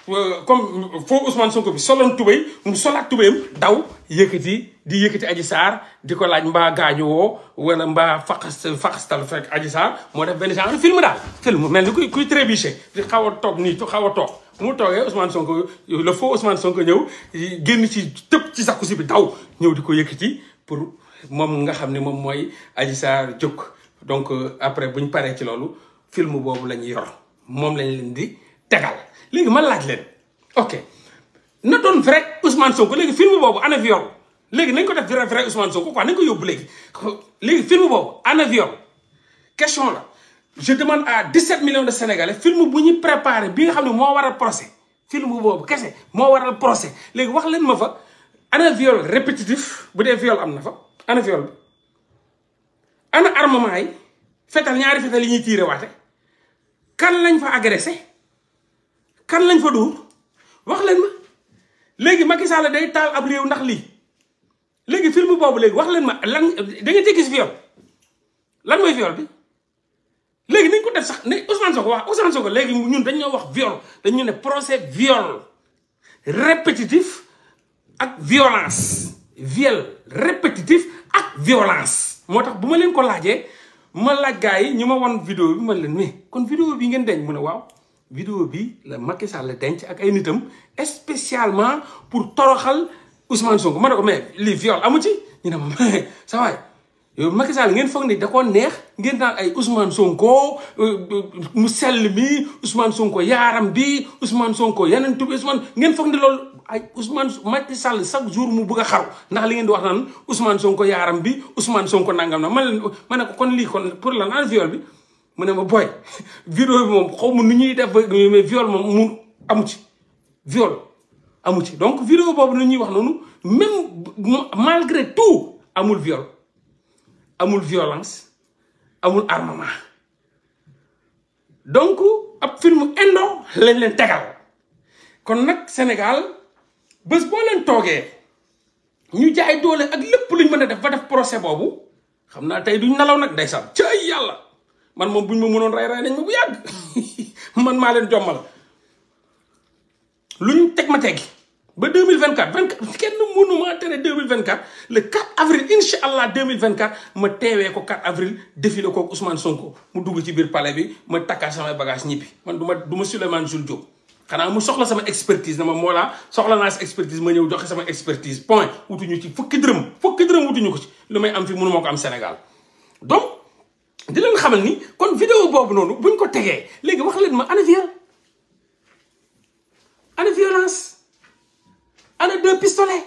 Euh, comme foo Ousmane Sonko bi soloon tubéy mu solaat tubéyam daw yëkkati di yëkkati Adji Sarr di ko laaj mbaa gaañu woo wala mbaa faxas faxastal fekk Adji Sarr moo def benn genre film daal film mel ni kuy kuy trébuché di xaw a toog nii xaw a toog mu toogee Ousmane Sonko le faux Ousmane Sonko ñëw génn ci tëb ci sakku si bi daw ñëw di ko yëkkati pour moom nga xam ne moom mooy aji Sarr jóg donc euh, après bu ñu paree ci loolu film boobu la ñuy yor moom lañ leen di tegal léegi ok na vrai Ousmane Sonko film ana viol ko def vrai Ousmane Sonko quoi ko film ana viol question la je demande à 17 millions de sénégalais film bu préparé bi nga le procès film bobu procès wax ma fa ana viol répétitif bu viol am fa ana viol ana armement yi fétal ñaari kan lañ fa kan lañ fa dóor wax leen ma legi Macky Sall day taal ab rew ndax li léegi film bobu legi wax leen ma lan da tekki ci gis viol lan moy viol bi legi niñ ko def sax ne Ousmane Sonko wax Ousmane Sonko léegi ñun dañ ñoo wax viol dañ ñu ne procès viol répétitif ak violence viol répétitif ak violence motax buma leen ko laajee ma laaj gaay ñuma won vidéo bi ma leen mais kon vidéo bi ngeen deñ mu ne waaw vidéo bi la Macky Sall la denc ak ay nitam spécialement pour toroxal Ousmane Sonko ma ne ko mais lii viol amu ci ñu ne ma mais sa waay yow Macky ngeen foog ni da ko neex ngeen ay Ousmane Sonko euh, mu sell mi Ousmane Sonko yaaram bi Ousmane Sonko yeneen tub Ousmane ngeen foog ni loolu ay Ousmane Macky Sall chaque jour mu bëgg a xaru ndax li ngeen di wax naan Ousmane Sonko yaaram bi Ousmane Sonko nangam na man ma ko kon lii kon pour la naan viol bi. mu ne ma boy vidéo bi moom xaw ma nu ñuy def ba mais viol moom mu amu ci viol amu ci donc vidéo boobu nu ñuy wax noonu même malgré tout amul viol amul violence amul armement donc ab film indo lañ leen tegal kon nag Sénégal bés boo leen toogee ñu jaay doole ak lépp luñ mën a def ba def procès boobu xam naa tey duñ nalaw nag ndeysaan ca yàlla man moom buñ ma mënoon rey rey nañ ma bu yàgg man maa leen jommal lu ñu teg ma teggi ba 2024 24 kenn mënu maa tere 2024 le 4 avril incha allah 2024 ma teewee ko 4 avril défilé ko Ousmane Sonko mu dugg ci biir palais bi ma takkaat samay bagage ñibbi man du ma du ma Souleymane Jules Diop xanaa mu soxla sama expertise dama moo laa soxla naa sa expertise ma ñëw joxe sama expertise point wutuñu ci fukki dërëm fukki dërëm wutuñu ko ci lu may am fi mënu ma ko am de leen ni vidéo buñ ko wax leen violence deux pistolets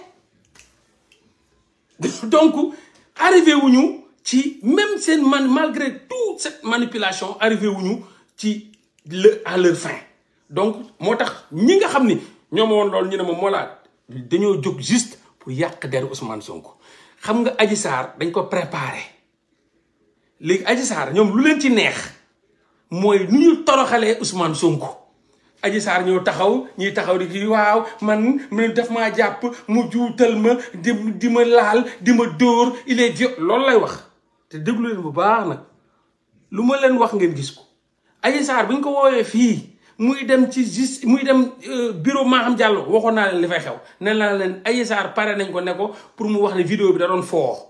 donc arrivé wuñu même si malgré toute cette manipulation arrivé wuñu ci le à leur fin donc moo ñi nga xam juste pour yàq deru Ousmane Sonko xam nga Adji Sarr préparé léegi Adji Sarr ñoom lu leen ci neex mooy nu ñu toroxalee Ousmane Sonko Adji Sarr taxaw ñii taxaw di kii waaw man man def maa jàpp mu juutal ma di di ma laal di ma dóor il est vieux loolu lay wax te déglu leen bu baax nag lu ma leen wax ngeen gis ko Adji Sarr bi ñu ko woowee fii muy dem ci juste muy dem euh, bureau Maham jàll waxoon naa leen li fay xew ne naa leen Adji Sarr pare nañ ko ne ko pour mu wax ne video bi da doon foo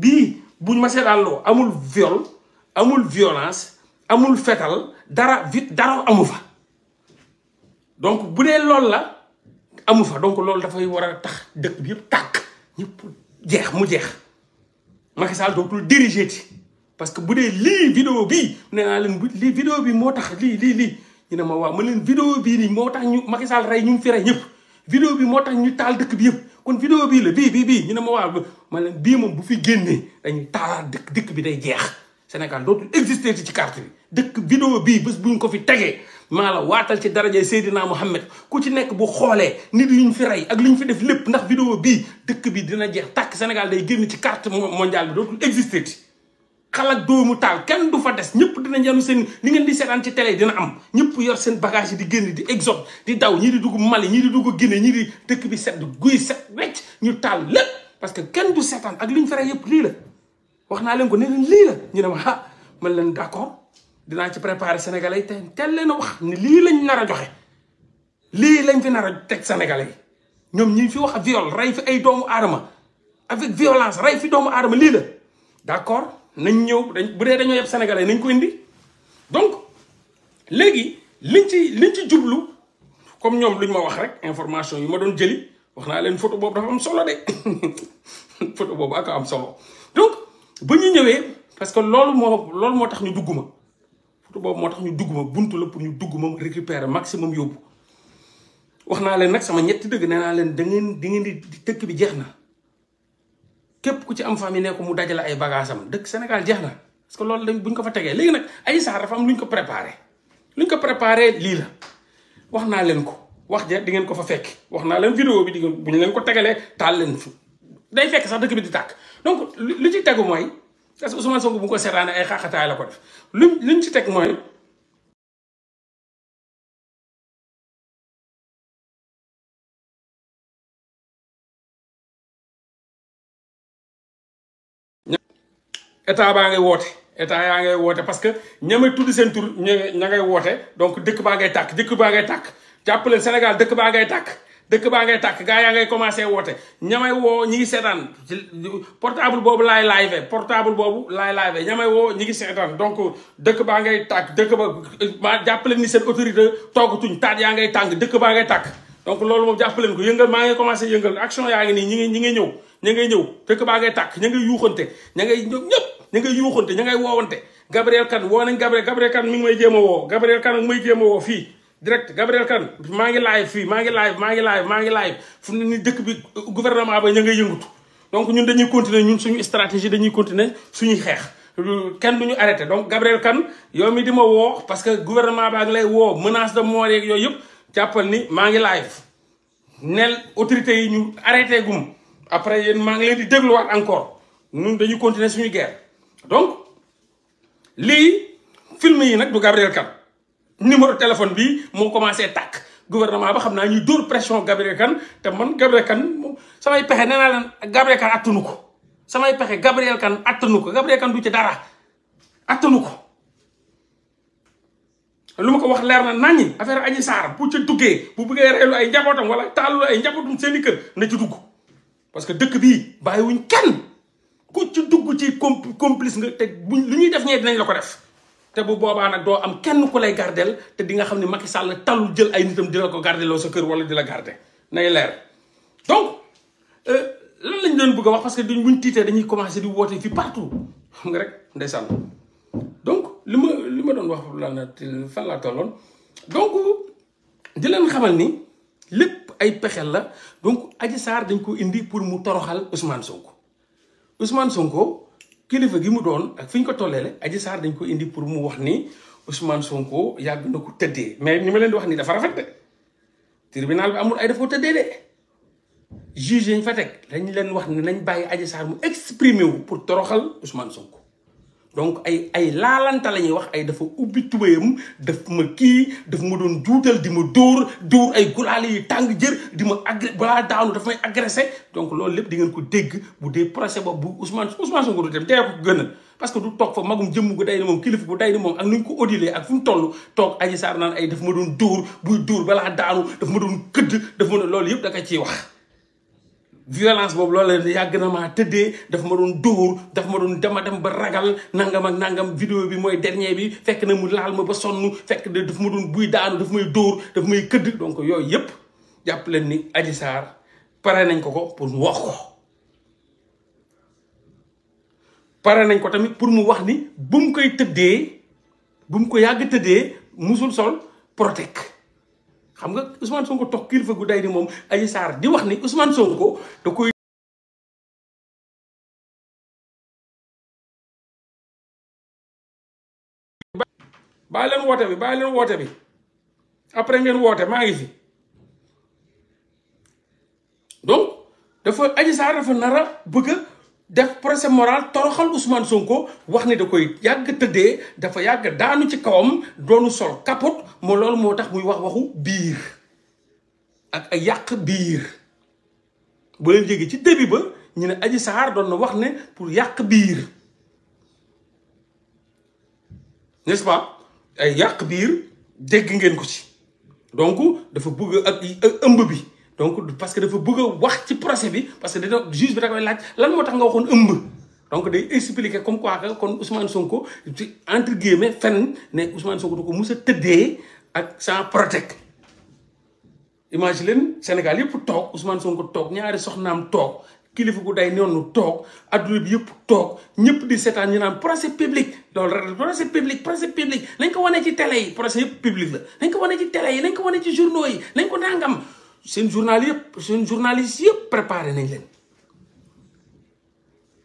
bii buñ ma seetaanloo amul viol amul violence amul fétal dara vit, dara amu fa donc boudé lool la amu fa donc tak, da fay wara tax dekk bi yëpp tak ñëpp jeex mu jeex Macky Sall tul diriger ci parce que boudé li vidéo bi nee naa leen li vidéo bi moo tax li li lii ñu ne ma wa ma leen vidéo bi ni ñu Macky Sall ray ñu fi ray vidéo bi ñu tal dekk bi kon vidéo bii la bii bii bii ñu ne ma waa ma leen bii moom bu fi génnee dañuy taalaat dëkk dëkk bi day jeex Sénégal dootul exister ci carte bi dëkk vidéo bii bés ñu ko fi tegee maa la waatal ci daraja Seydina Mohamed ku ci nekk bu xoolee nit yu ñu fi rey ak lu ñu fi def lépp ndax vidéo bi dëkk bi dina jeex takk Sénégal day génn ci carte mondiale bi dootul exister xalaat doomu taal kenn du fa des ñëpp dinañ yanu seen li ngeen di seetaan ci télé dina am ñëpp yor seen bagage yi di génn di exode di daw ñii di dugg Mali ñii di dugg Guinée ñii di dëkk bi set guy set wecc ñu taal lépp parce que kenn du seetaan ak li ñu fere yëpp lii la wax naa leen ko ne leen lii ñu ne ma ah man leen d'accord dinaa ci préparer sénégalais te teel leen a wax ne lii lañ nar a joxe lii lañ fi nar a teg sénégalais yi ñoom ñi fi wax viol rey fi ay doomu aadama avec violence rey fi doomu aadama lii la d'accord nañ ñëw dañ bu dee dañoo yeb sénégalais nañ ko indi donc léegi liñ ci liñ ci jublu comme ñoom luñ ma wax rek information yi ma doon jëli wax naa leen photo boobu dafa am solo de photo boobu ak am solo donc ba ñu ñëwee parce que loolu moo loolu moo tax ñu dugg ma photo boobu moo tax ñu dugg ma buntu la pour ñu dugg ma récupérer maximum yóbbu wax naa leen nag sama ñetti dëgg nee naa leen da ngeen di ngeen di dëkk bi jeex na képp ku ci am famille ne ko mu dajale ay bagages am dëkk Sénégal jeex na parce que loolu dañ buñ ko fa tegee léegi nag ay Sarr dafa am luñ ko préparé luñ ko préparé lii la wax naa leen ko wax ja di ngeen ko fa fekk wax naa leen vidéo bi di ngeen bu ñu leen ko tegalee taal leen fu day fekk sax dëkk bi di tàkk donc lu ci tegu mooy parce que Ousmane Sonko bu ko seetaanee ay xaaxataay la ko def luñ luñ ci teg mooy. état baa ngay woote état yaa ngay woote parce que ñamay tudd seen tur ña ngay woote donc dëkk baa ngay tàkk dëkk baa ngay tàkk jàppaleen Sénégal dëkk baa ngay tàkk dëkk baa ngay tàkk gaa yaa ngay commencé woote ñamay woo ñi ngi seetaan portable boobu laay live portable boobu laay live ñamay woo ñi ngi seetaan donc dëkk baa ngay tàkk dëkk ba ma jàppaleen ni seen autorité toogatuñ taat yaa ngay tàng dëkk baa ngay tàkk donc loolu moom jàppaleen ko yëngal maa ngay commencé yëngal action yaa ngi nii ñi ngi ñi ngay ñëw ña ngay ñëw dëkk baa ngay tàkk ña ngay yuuxante ña ñëpp ña ngay yuuxante ña ngay woowante Gabriel Kane woo nañ Gabriel kan Kane mi ngi may jéem a woo Gabriel Kane muy jéem a woo fii direct Gabriel kan maa ngi live fii maa ngi live maa ngi live maa ngi live fu ne ni dëkk bi gouvernement ba ña ngay yëngutu donc ñun dañuy continuer ñun suñu stratégie dañuy continuer suñuy xeex kenn duñu arrêté donc Gabriel Kane yow mi di ma woo parce que gouvernement baa ngi lay woo menace de moo yeeg yooyu yëpp jàppal ni maa ngi live nel autorités yi ñu arrêté gum après yéen maa ngi leen di dégluwaat encore ñun dañuy continuer suñu guerre donc lii film yi nag du Gabriel Kane numéro téléphone bi moo commencé tàkk gouvernement ba xam naa ñuy dóor pression Gabriel kan te man Gabriel Kane samay pexe nee leen Gabriel Kane attanu ko samay pexe Gabriel Kane attanu ko Gabriel Kane du ci dara attanu ko lu ma ko wax leer na naññi affaire Adji Sarr bu ci duggee bu bëggee reelu ay njabootam wala taalu ay njabootum seen i kër na ci dugg parce que dëkk bii bàyyiwuñ kenn ku ci dugg ci compl complice nga te buñ lu ñuy def ñee dinañ la ko def. te bu boobaa nag doo am kenn ku lay gardel te di nga xam ne Macky sàll talul jël ay nitam di la ko gardeloo sa kër wala di la garde nay leer donc euh, lan lañ doon bëgg wax parce que duñ buñ tiitee dañuy commencé di woote fii partout xam nga rek ndeysaan donc li ma li ma doon wax lan la fan laa tolloon donc di leen xamal ni lépp ay pexel la donc Adji Sarr dañ ko indi pour mu toroxal Ousmane Sonko. Ousmane Sonko kilifa gi mu doon ak fi ñu ko tolleele Adji Sarr dañ ko indi pour mu wax ni Ousmane Sonko yàgg na ko tëddee mais ni ma leen di wax nii dafa rafet de tribunal bi amul ay dafa ko tëddee de juge yañ fa teg dañ leen wax ni nañ bàyyi Adji Sarr mu exprimer wu pour toroxal Ousmane Sonko. donc ay ay laalanta la ñuy wax ay dafa ubbi tubéyam daf ma kii dafa ma doon juutal di ma dóor dóor ay gulaale yi tàng jër di ma agré balaa daanu daf may agressé donc loolu lépp di ngeen ko dégg bu dee procès boobu bu Ousmane Ousmane Sonko du dem dee ko gënal parce que du toog day ni moom kilifa bu day ni moom ak nu ko audilee ak fu mu toll toog Adji Sarr naan ay daf ma doon dóor buy dóor balaa daf ma doon këdd daf ma doon loolu yëpp da ka ciy wax violence boobu loolu la yàgg na maa tëddee daf ma doon dóor daf ma doon dama dem ba ragal nangam ak nangam vidéo bi mooy dernier bi fekk na mu laal ma ba sonn fekk de daf ma doon buy daanu daf may dóor daf may këdd donc yooyu yëpp jàpp leen ni Adji Sarr pare nañ ko ko pour mu wax ko pare nañ ko tamit pour mu wax ni bu mu koy tëddee bu mu ko yàgg tëddee musul sol protect xam nga usman Sonko toog kilifa gu day ni moom Adji Sarr di wax ni usman Sonko da koy bàyyi leen woote bi bàyyi leen woote bi après ngeen woote maa ngi fi donc dafa Adji Sarr dafa nar a def procès moral toroxal Ousmane Sonko wax ne da koy yàgg tëddee dafa yàgg daanu ci kawam doonu sol kaput moo loolu moo tax muy wax waxu biir ak ay yàq biir bu leen jéggi ci début ba ñu ne Adji Sarr doon na wax ne pour yàq biir n'est-ce ay yàq biir dégg ngeen ko ci donc dafa bugg ak ëmb bi donc parce que dafa bëgg wax ci procès bi parce que dina juge bi da koy laaj lan motax nga waxoon ëmb donc day expliquer comme quoi que kon Ousmane Sonko entre guillemets fen ne Ousmane Sonko ko mus a ak sans protect image len Sénégal yépp tok Ousmane Sonko tok ñaari soxnam tok kilifu gu day noonu tok adduna bi yépp tok ñëpp di sétan ñu naan procès public loolu rek procès public procès public lañ ko wone ci télé yi procès public la lañ ko wone ci télé yi lañ ko wone ci journaux yi lañ ko nangam. C'est une journaliste préparé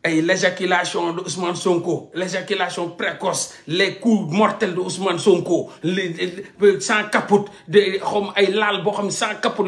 l'éjaculation de Sonko l'éjaculation précoce les coups mortels de Ousmane Sonko les sans capote de sans capote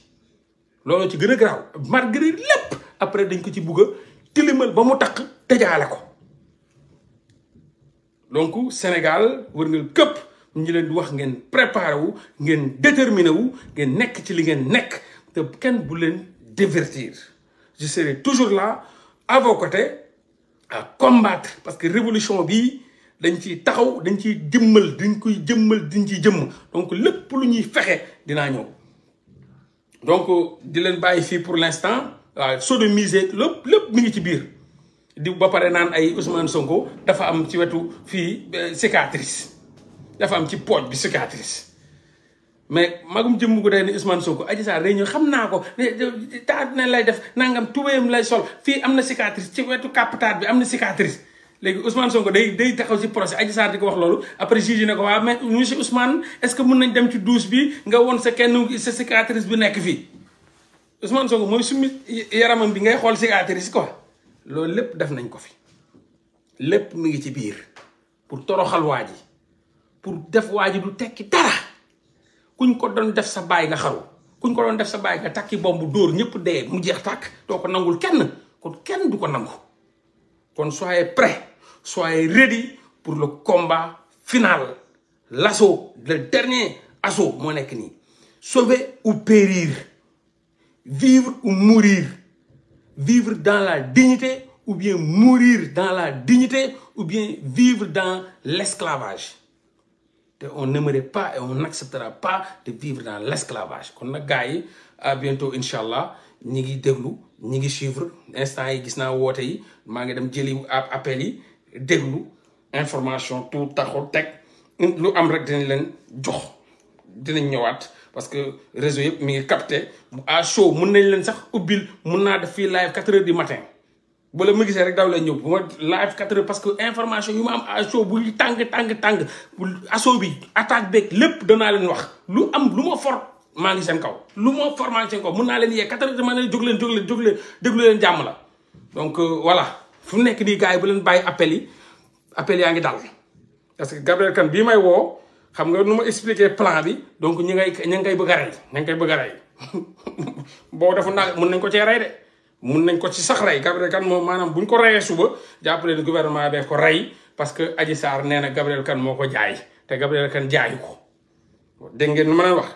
looloo ci gën a garaaw malgré lépp après dañ ko ci bugg a tilimal ba mu takk tëjaale ko donc Sénégal wër ngeen këpp ñu leen di wax ngeen préparé wu ngeen déterminé wu ngeen nekk ci li ngeen nekk te kenn bu leen divertir je serai toujours là à vos côtés à combattre parce que révolution bii dañ ciy taxaw dañ ciy jëmmal dañ koy jëmmal dañ ciy jëmm donc lépp lu ñuy fexe dinaa ñëw donc euh, di leen bàyyi fii pour l' instant waaw sodomiser lépp lépp mi ngi ci biir di ba pare naan ay Ousmane Sonko dafa am ci wetu fii euh, cicatrice dafa am ci pooj bi cicatrice mais magum jëmm gu dee ne Ousmane Sonko Adji Sarr réunion xam naa ko taat na lay def nangam tubéyam lay sol fii am na cicatrice ci wetu capitaine bi am na cicatrice léegi Ousmane Sonko day day taxaw ci procès Adji Sarr diko wax lolu après juge ne ko wa mais monsieur Ousmane est ce que mën nañ dem ci douche bi nga won sa kenn sa cicatrice bi nek fi Ousmane Sonko moy summi yaramam bi ngay xol cicatrice quoi lolu lepp def nañ ko fi lepp mi ngi ci bir pour toroxal waa pour def waji du tekki dara kuñ ko don def sa baay nga xaru kuñ ko don def sa baay nga takki bombu dóor ñepp dé mu jeex tak doo ko nangul kenn kon kenn du ko nangu kon soyez prêt soyez ready pour le combat final l'assaut le dernier assaut mon équipe sauver ou périr vivre ou mourir vivre dans la dignité ou bien mourir dans la dignité ou bien vivre dans l'esclavage on n'aimerait pas et on n'acceptera pas de vivre dans l'esclavage kon a gagné, à bientôt inshallah N'y ñi ngi déglu suivre instant yi gis déglu information tout taxul teg lu am rek dinañ leen jox dinañ ñëwaat parce que réseau yëpp mi ngi capté à chaud mun nañ leen sax ubbil mun naa def fii live quatre heures du matin bala ma gisee rek daw leen ñëw bu ma live quatre heures parce que information yu ma am à chaud bu tàng tàng tàng assaut bi attaque beeg lépp danaa leen wax lu am lu ma for maa ngi seen kaw lu ma for maa ngi seen kaw mun naa leen yee quatre heures du matin jóg leen jàmm la euh, fu nek ni gaay bu len bàyyi appel yi appel dal parce que Gabriel kan bi may wo xam nga numu expliquer plan bi donc ñi ngay ña ngay bëgg ray rey ngay bëgg a bo dafa defu mën nañ ko ci ray de mën nañ ko ci sax ray Gabriel kan mo manam buñ ko rayé suba jàpp leen gouvernement be ko ray parce que Adji sar Gabriel kan moko jaay te Gabriel kan jaay ko de ngeen numu lay leen wax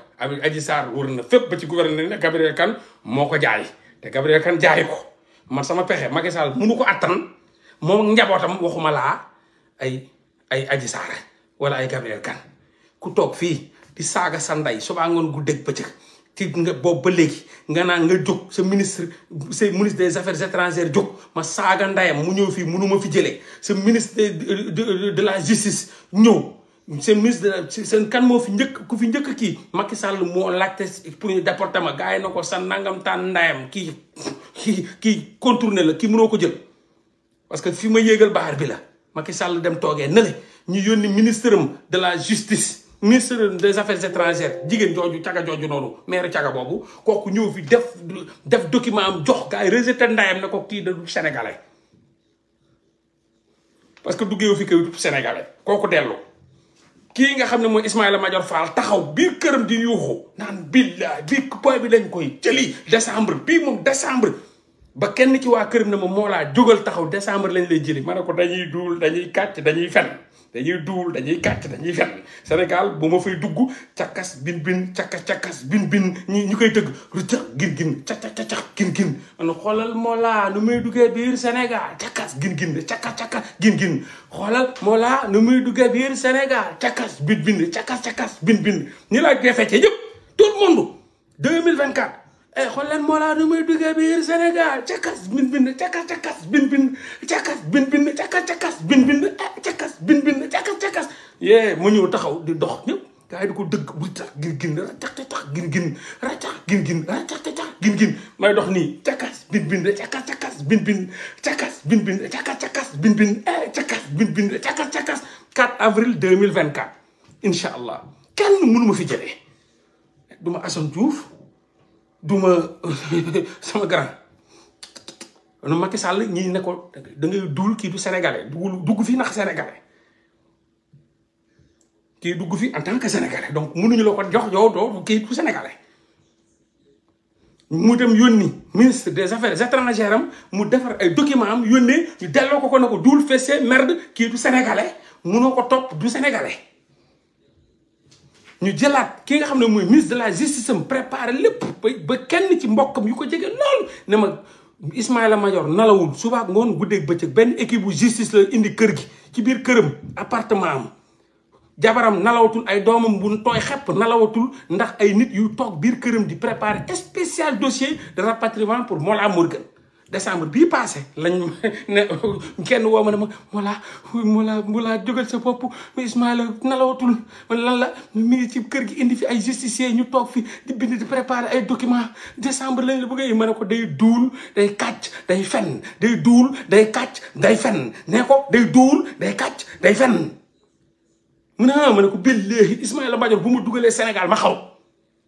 Adji sar wër na ba ci gouvernement ne Gabriel kan moko jaay te Gabriel kan jaay ko man sama pexe Macky mu mënu ko attan moom njabootam waxuma laa ay ay Adji Sarr wala ay Gabriel Kane ku toog fii di saaga sa ndey subaa ngoon guddeeg bëccëg ki nga boobu ba léegi nga naan nga jóg sa ministre sa ministre des affaires étrangères jóg ma saaga ndeyam mu ñëw fii mënu fi jëlee sa ministre de de la justice ñëw. seen ministre de seen kan moo fi njëkk ku fi njëkk kii Macky Sall moo laajte pour ñu déporté ma gars yi na ko sa nangam taan ndayam kii kii kii contourné la kii mënoo ko jël. parce que fi ma yéegal baar bi la Macky sàll dem toogee na le ñu yónni ministre de la justice ministre des affaires étrangères jigéen jooju caga jooju noonu maire caga boobu kooku ñëw fi def def document am jox gars yi rejeté ndayam na ko kii da du sénégalais parce que duggee fi kaw kooku dellu. kii nga xam ne mooy Ismaïla Madior Fall taxaw bii këram di yuuxu naan billaay bii boy bi lañ koy jëli décembre bii moom décembre ba kenn ci waa këram ne moom moo laa jógal taxaw décembre lañ lay jëli ma ne ko dañuy duul dañuy kàcc dañuy fen dañuy duul dañuy kàcc dañuy fen Sénégal bu ma fay dugg càkkas bin bin càkkas càkkas bin bin ñi ñu koy tëgg ruccax gin gin cacacacax gin gin man xoolal Mollah nu muy duggee biir Sénégal càkkas gin gin càkkas càkkas gin gin xoolal Mollah nu muy duggee biir Sénégal càkkas bin bin càkkas càkkas bin bin ñi laa defee ca yëpp tout le monde 2024 eh xool leen Mollah nu muy duggee biir Sénégal cakas bin bin cakas cakas bin bin cakas bin bin cakas cakas bin bin cakas bin bin cakas cakas yee mu ñëw taxaw di dox ñëpp gars yi di ko bu tax gin gin ratax tax gin gin ratax gin gin ratax tax gin gin may dox nii cakas bin bin cakas cakas bin bin cakas bin bin cakas cakas bin bin cakas bin bin cakas cakas 4 avril 2024 incha allah kenn mënu ma fi jëlee du Assane Diouf duma sama grand nu Macky sàll ñi ne ko duul kii du sénégalais dugul dugg fi ndax sénégalais kii dugg fi en tant que sénégalais donc mënuñu la ko jox yow doo kii du sénégalais mu dem yónni ministre des affaires étrangères mu defar ay documents am yónnee ñu delloo ko ko ne ko duul fessé merde kii du sénégalais mënoo ko topp du sénégalais ñu jëlaat ki nga xam ne mooy ministre de la justice am préparé lépp ba kenn ci mbokkam yu ko jege lool ne ma Ismaïla Madior nalawul suba ak ngoon guddeeg bëccëg benn équipe bu justice la indi kër gi ci biir këram apartement am jabaram nalawatul ay doomam bu tooy xepp nalawatul ndax ay nit yu toog biir këram di préparé spécial dossier de rapatriement pour Mollah Morgun décembre bii passé lañ ne kenn woo ma ne ma Mollah Mollah Mollah jógal sa bopp la nalawatul lan la mi ngi ci kër gi indi fi ay justicier ñu toog fi di bind di préparer ay documents décembre lañ la bëggee ma ne ko day duul day kàcc day fen day duul day kàcc day fen ne ko day duul day kàcc day fen mu ne ah ma ne ko billahi Ismaïla Madior bu mu dugalee Sénégal ma xaw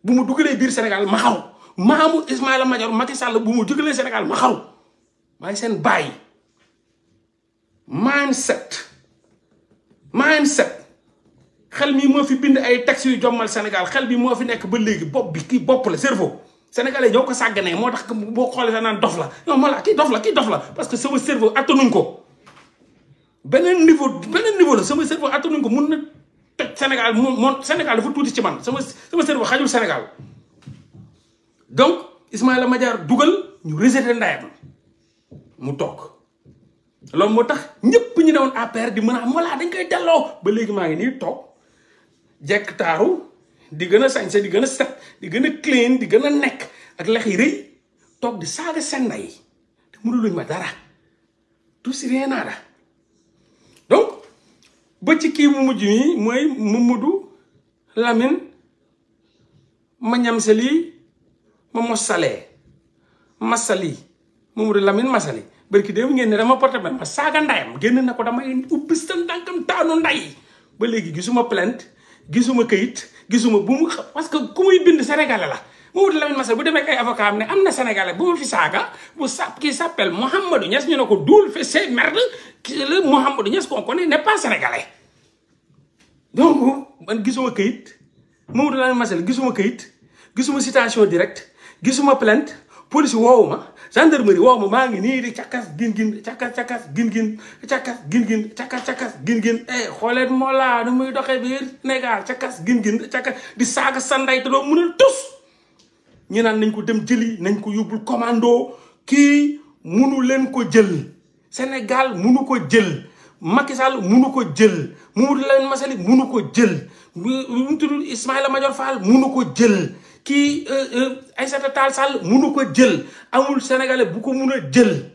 bu mu dugalee biir Sénégal ma xaw mahamud Ismaïla Madior Macky Sall bu mu jógalee Sénégal ma xaru maay seen bàyyi mindset mindset xel mi moo fi bind ay taxi yu jommal Sénégal xel bi moo fi nekk ba léegi bopp bi kii bopp la cerveau sénégalais ñoo ko sàgganee moo tax boo xoolee sa naan dof la non moo la kii dof la kii dof la parce que sama cerveau attanuñ ko beneen niveau beneen niveau la sama cerveau attanuñ ko mun na toj Sénégal moom Sénégal dafa tuuti ci man sama sama cerveau xajul Sénégal donc Ismaïla Madiar dugal ñu rejeté ndayam mu tok lool motax ñepp ñi ñu APR di mëna a am dañ koy dello ba légui ma ngi ni tok jek taru di gëna sañse di gëna set di gëna clean di gëna nek ak lex yi rëy di saga seen ndey yi te mënuluñ ma dara tout si rien nada donc ba ci ki mu mujj Mamadou Lamine li moom moo salee masali Mamadou Lamine masali barki déew ngeen ne dama porté plainte ma saaga ndayam na ko damay ubbi sa ndànkam taanu nday ba léegi gisuma plainte gisuma këyit gisuma bu mu parce que ku muy bind sénégalais la Mamadou Lamine masali bu demee ak ay avocat am ne am na sénégalais bu ma fi saaga bu sap qui s'appelle Mouhamadou Niass ñu ne ko duul fe c'est merde le Mouhamadou Niass qu'on connaît n'est pas sénégalais donc man gisuma këyit Mamadou Lamine masali gisuma këyit gisuma citation directe gisuma plant police woowu ma gendarmerie woowu maa ngi nii di càkkas gin gin càkkas càkkas gin gin càkkas gin gin càkkas càkkas gin gin eh xooleen moo laa nu muy doxee biir di saaga sa ndey te doo mun tus ñu naan nañ ko dem jëli nañ ko yóbbul commando kii munu leen ko jël Sénégal munu ko jël Macky Sall munu ko jël Mamadou Lamine Massaly munu ko jël mu tudd Ismaïla Madior Fall munu ko jël kii euh, euh, Aïssata Tall Sall munu ko jël amul sénégalais bu ko mun a jël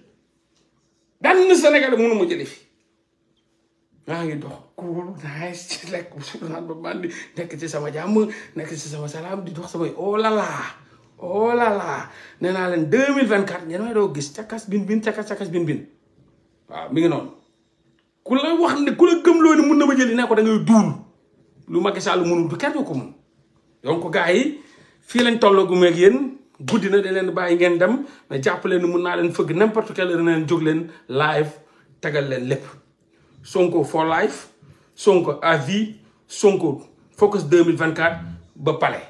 benn sénégalais munu ma jëlee fi maa ngi dox kuul naay ci lekk surnaan ba bandi nekk ci sama jàmm nekk ci sama salaam di dox samay oh la la oh la la naa leen deux mille vingt quatre ñeen may doo gis cakas bin bin cakas cakas bin bin waaw mi ngi noonu ku la wax ku la gëmloo ni mun na ma jëli ne ko da ngay duul lu Macky Sall mënul du kenn ko mun donc gars yi fii lañ tolloogu ak yéen guddi na da leen bàyyi ngeen dem mais jàpp leen mun naa leen fëgg n'importe quelle heure leen jóg leen live tegal leen lépp Sonko for life Sonko à vie Sonko focus 2024 ba palais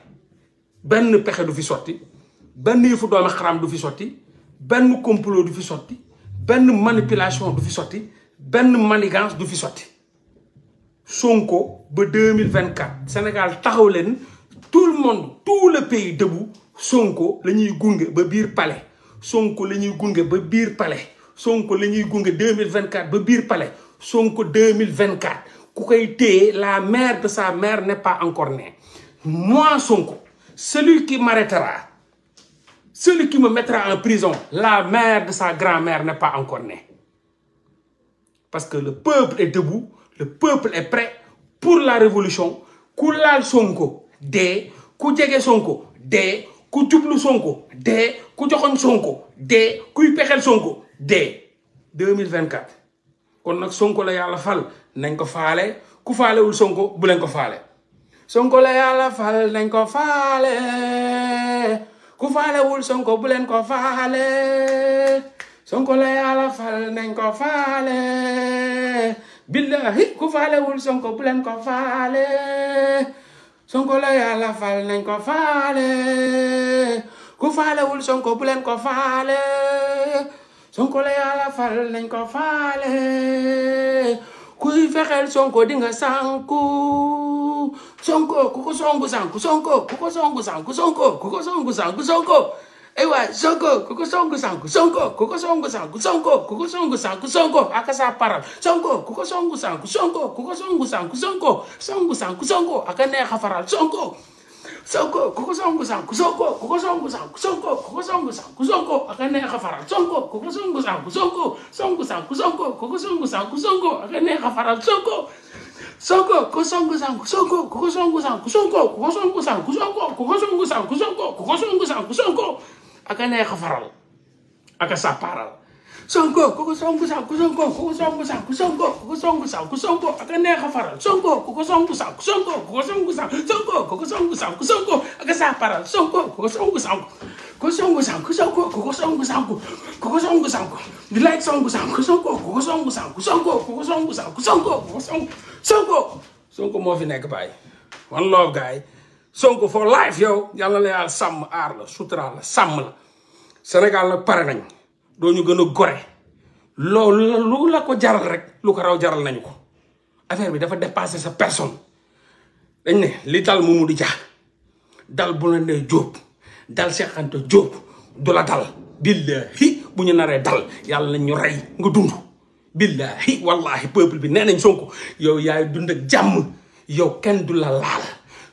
benn pexe du fi sotti benn yëfu doomi xaram du fi sotti benn complot du fi sotti benn manipulation du fi sotti benn manigance du fi sotti Sonko ba 2024 Sénégal taxaw leen tout le monde tout le pays debout Sonko le ñuy gunge ba palais Sonko le ñuy le ba palais Sonko le 2024 ba bir palais Sonko 2024 Koukaïté, la mère de sa mère n'est pas encore née moi Sonko celui qui m'arrêtera celui qui me mettra en prison la mère de sa grand-mère n'est pas encore née parce que le peuple est debout le peuple est prêt pour la révolution Koulal Sonko dee ku jege Sonko dee ku jublu Sonko dee ku joxoñ Sonko dee kuy pexeel Sonko dee quatre kon nag Sonko la yàlla fal nañ ko faale ku faalewul Sonko bu leen ko faale Sonko la yàlla fal nañ ko faale ku faalewul Sonko bu leen ko faale Sonko la yàlla fal nañ bu leen ko faale sonko la yàlla fal nañ ko faale ku faalewul sonko bu leen ko faale sonko la yàlla fal nañ ko faale kuy fexeel sonko di nga sànku sonko ku ko songu sànku sonko ku ko songu sànku sonko ku ko songu sànku sonko aywa Sonko ku ko songu sànku Sonko ku ko songu sànku Sonko ku ko songu sànku Sonko aka sa paral Sonko ku ko songu sànku Sonko ku ko songu sànku Sonko songu sànku Sonko aka neex a faral Sonko Sonko ku ko songu sànku Sonko ku ko songu sànku Sonko ku ko songu sànku Sonko aka neex a faral Sonko ku ko songu sànku Sonko songu sànku Sonko ku ko songu sànku Sonko aka neex a faral Sonko Sonko ku ko songu sànku Sonko ku ko songu sànku Sonko ku ko songu sànku Sonko ku ko songu sànku Sonko ku ko songu sànku Sonko aka neex a faral aka sàppaaral sonko ku ko songu sax ku sonko ku ko songu sax ku sonko ku ko songu sax ku sonko aka neex a faral sonko ku ko songu sax ku sonko ku ko songu sax sonko ku ko songu sax ku sonko aka sàppaaral sonko ku ko songu sax ku songu sax ku sonko ku ko songu sax ku ko songu sax di laaj songu sax ku sonko ku ko songu sax ku sonko ku ko songu sax ku sonko ku ko songu sonko sonko moo fi nekk baay one love gaay Sonko for life yow yalla la yàlla sam ar la sutra la sam la senegal nag paré nañ doo ñu gën gore loolu la lu la ko jaral rek lu ko raw jaral nañ ko affaire bi dafa dépasser sa personne dañ né li dal Mamadou ja dal bu la job, dal Cheikh Anta Jóob du la dal billahi bu ñu naree dal yalla nañ ñu ray nga dund billahi wallahi peuple bi nenañ Sonko yow yaay dund ak jamm yow kenn du la laal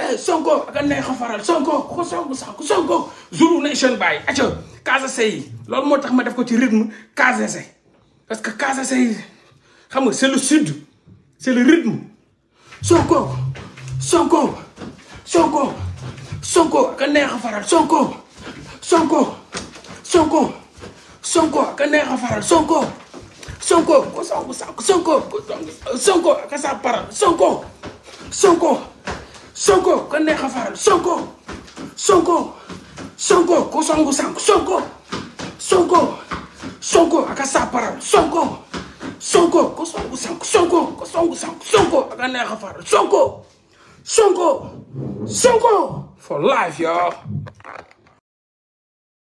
Eh, Sonko ak neex faral Sonko ko Sonko sax Sonko jour na seen bàyyi acca casase yi loolu moo tax ma def ko ci rythme casase parce que casase yi xam nga c'est le sud c'est le rythme Sonko Sonko Sonko Sonko ak neex a faral Sonko Sonko Sonko Sonko ak neex a faral Sonko Sonko ko Sonko sax Sonko Sonko ak sa paral Sonko Sonko kon neex a faral Sonko Sonko Sonko ku songu sànq Sonko Sonko Sonko ak a saa paral Sonko Sonko ku songu sànq Sonko ku songu sànq Sonko ak a neex a faral Sonko Sonko Sonko for life yo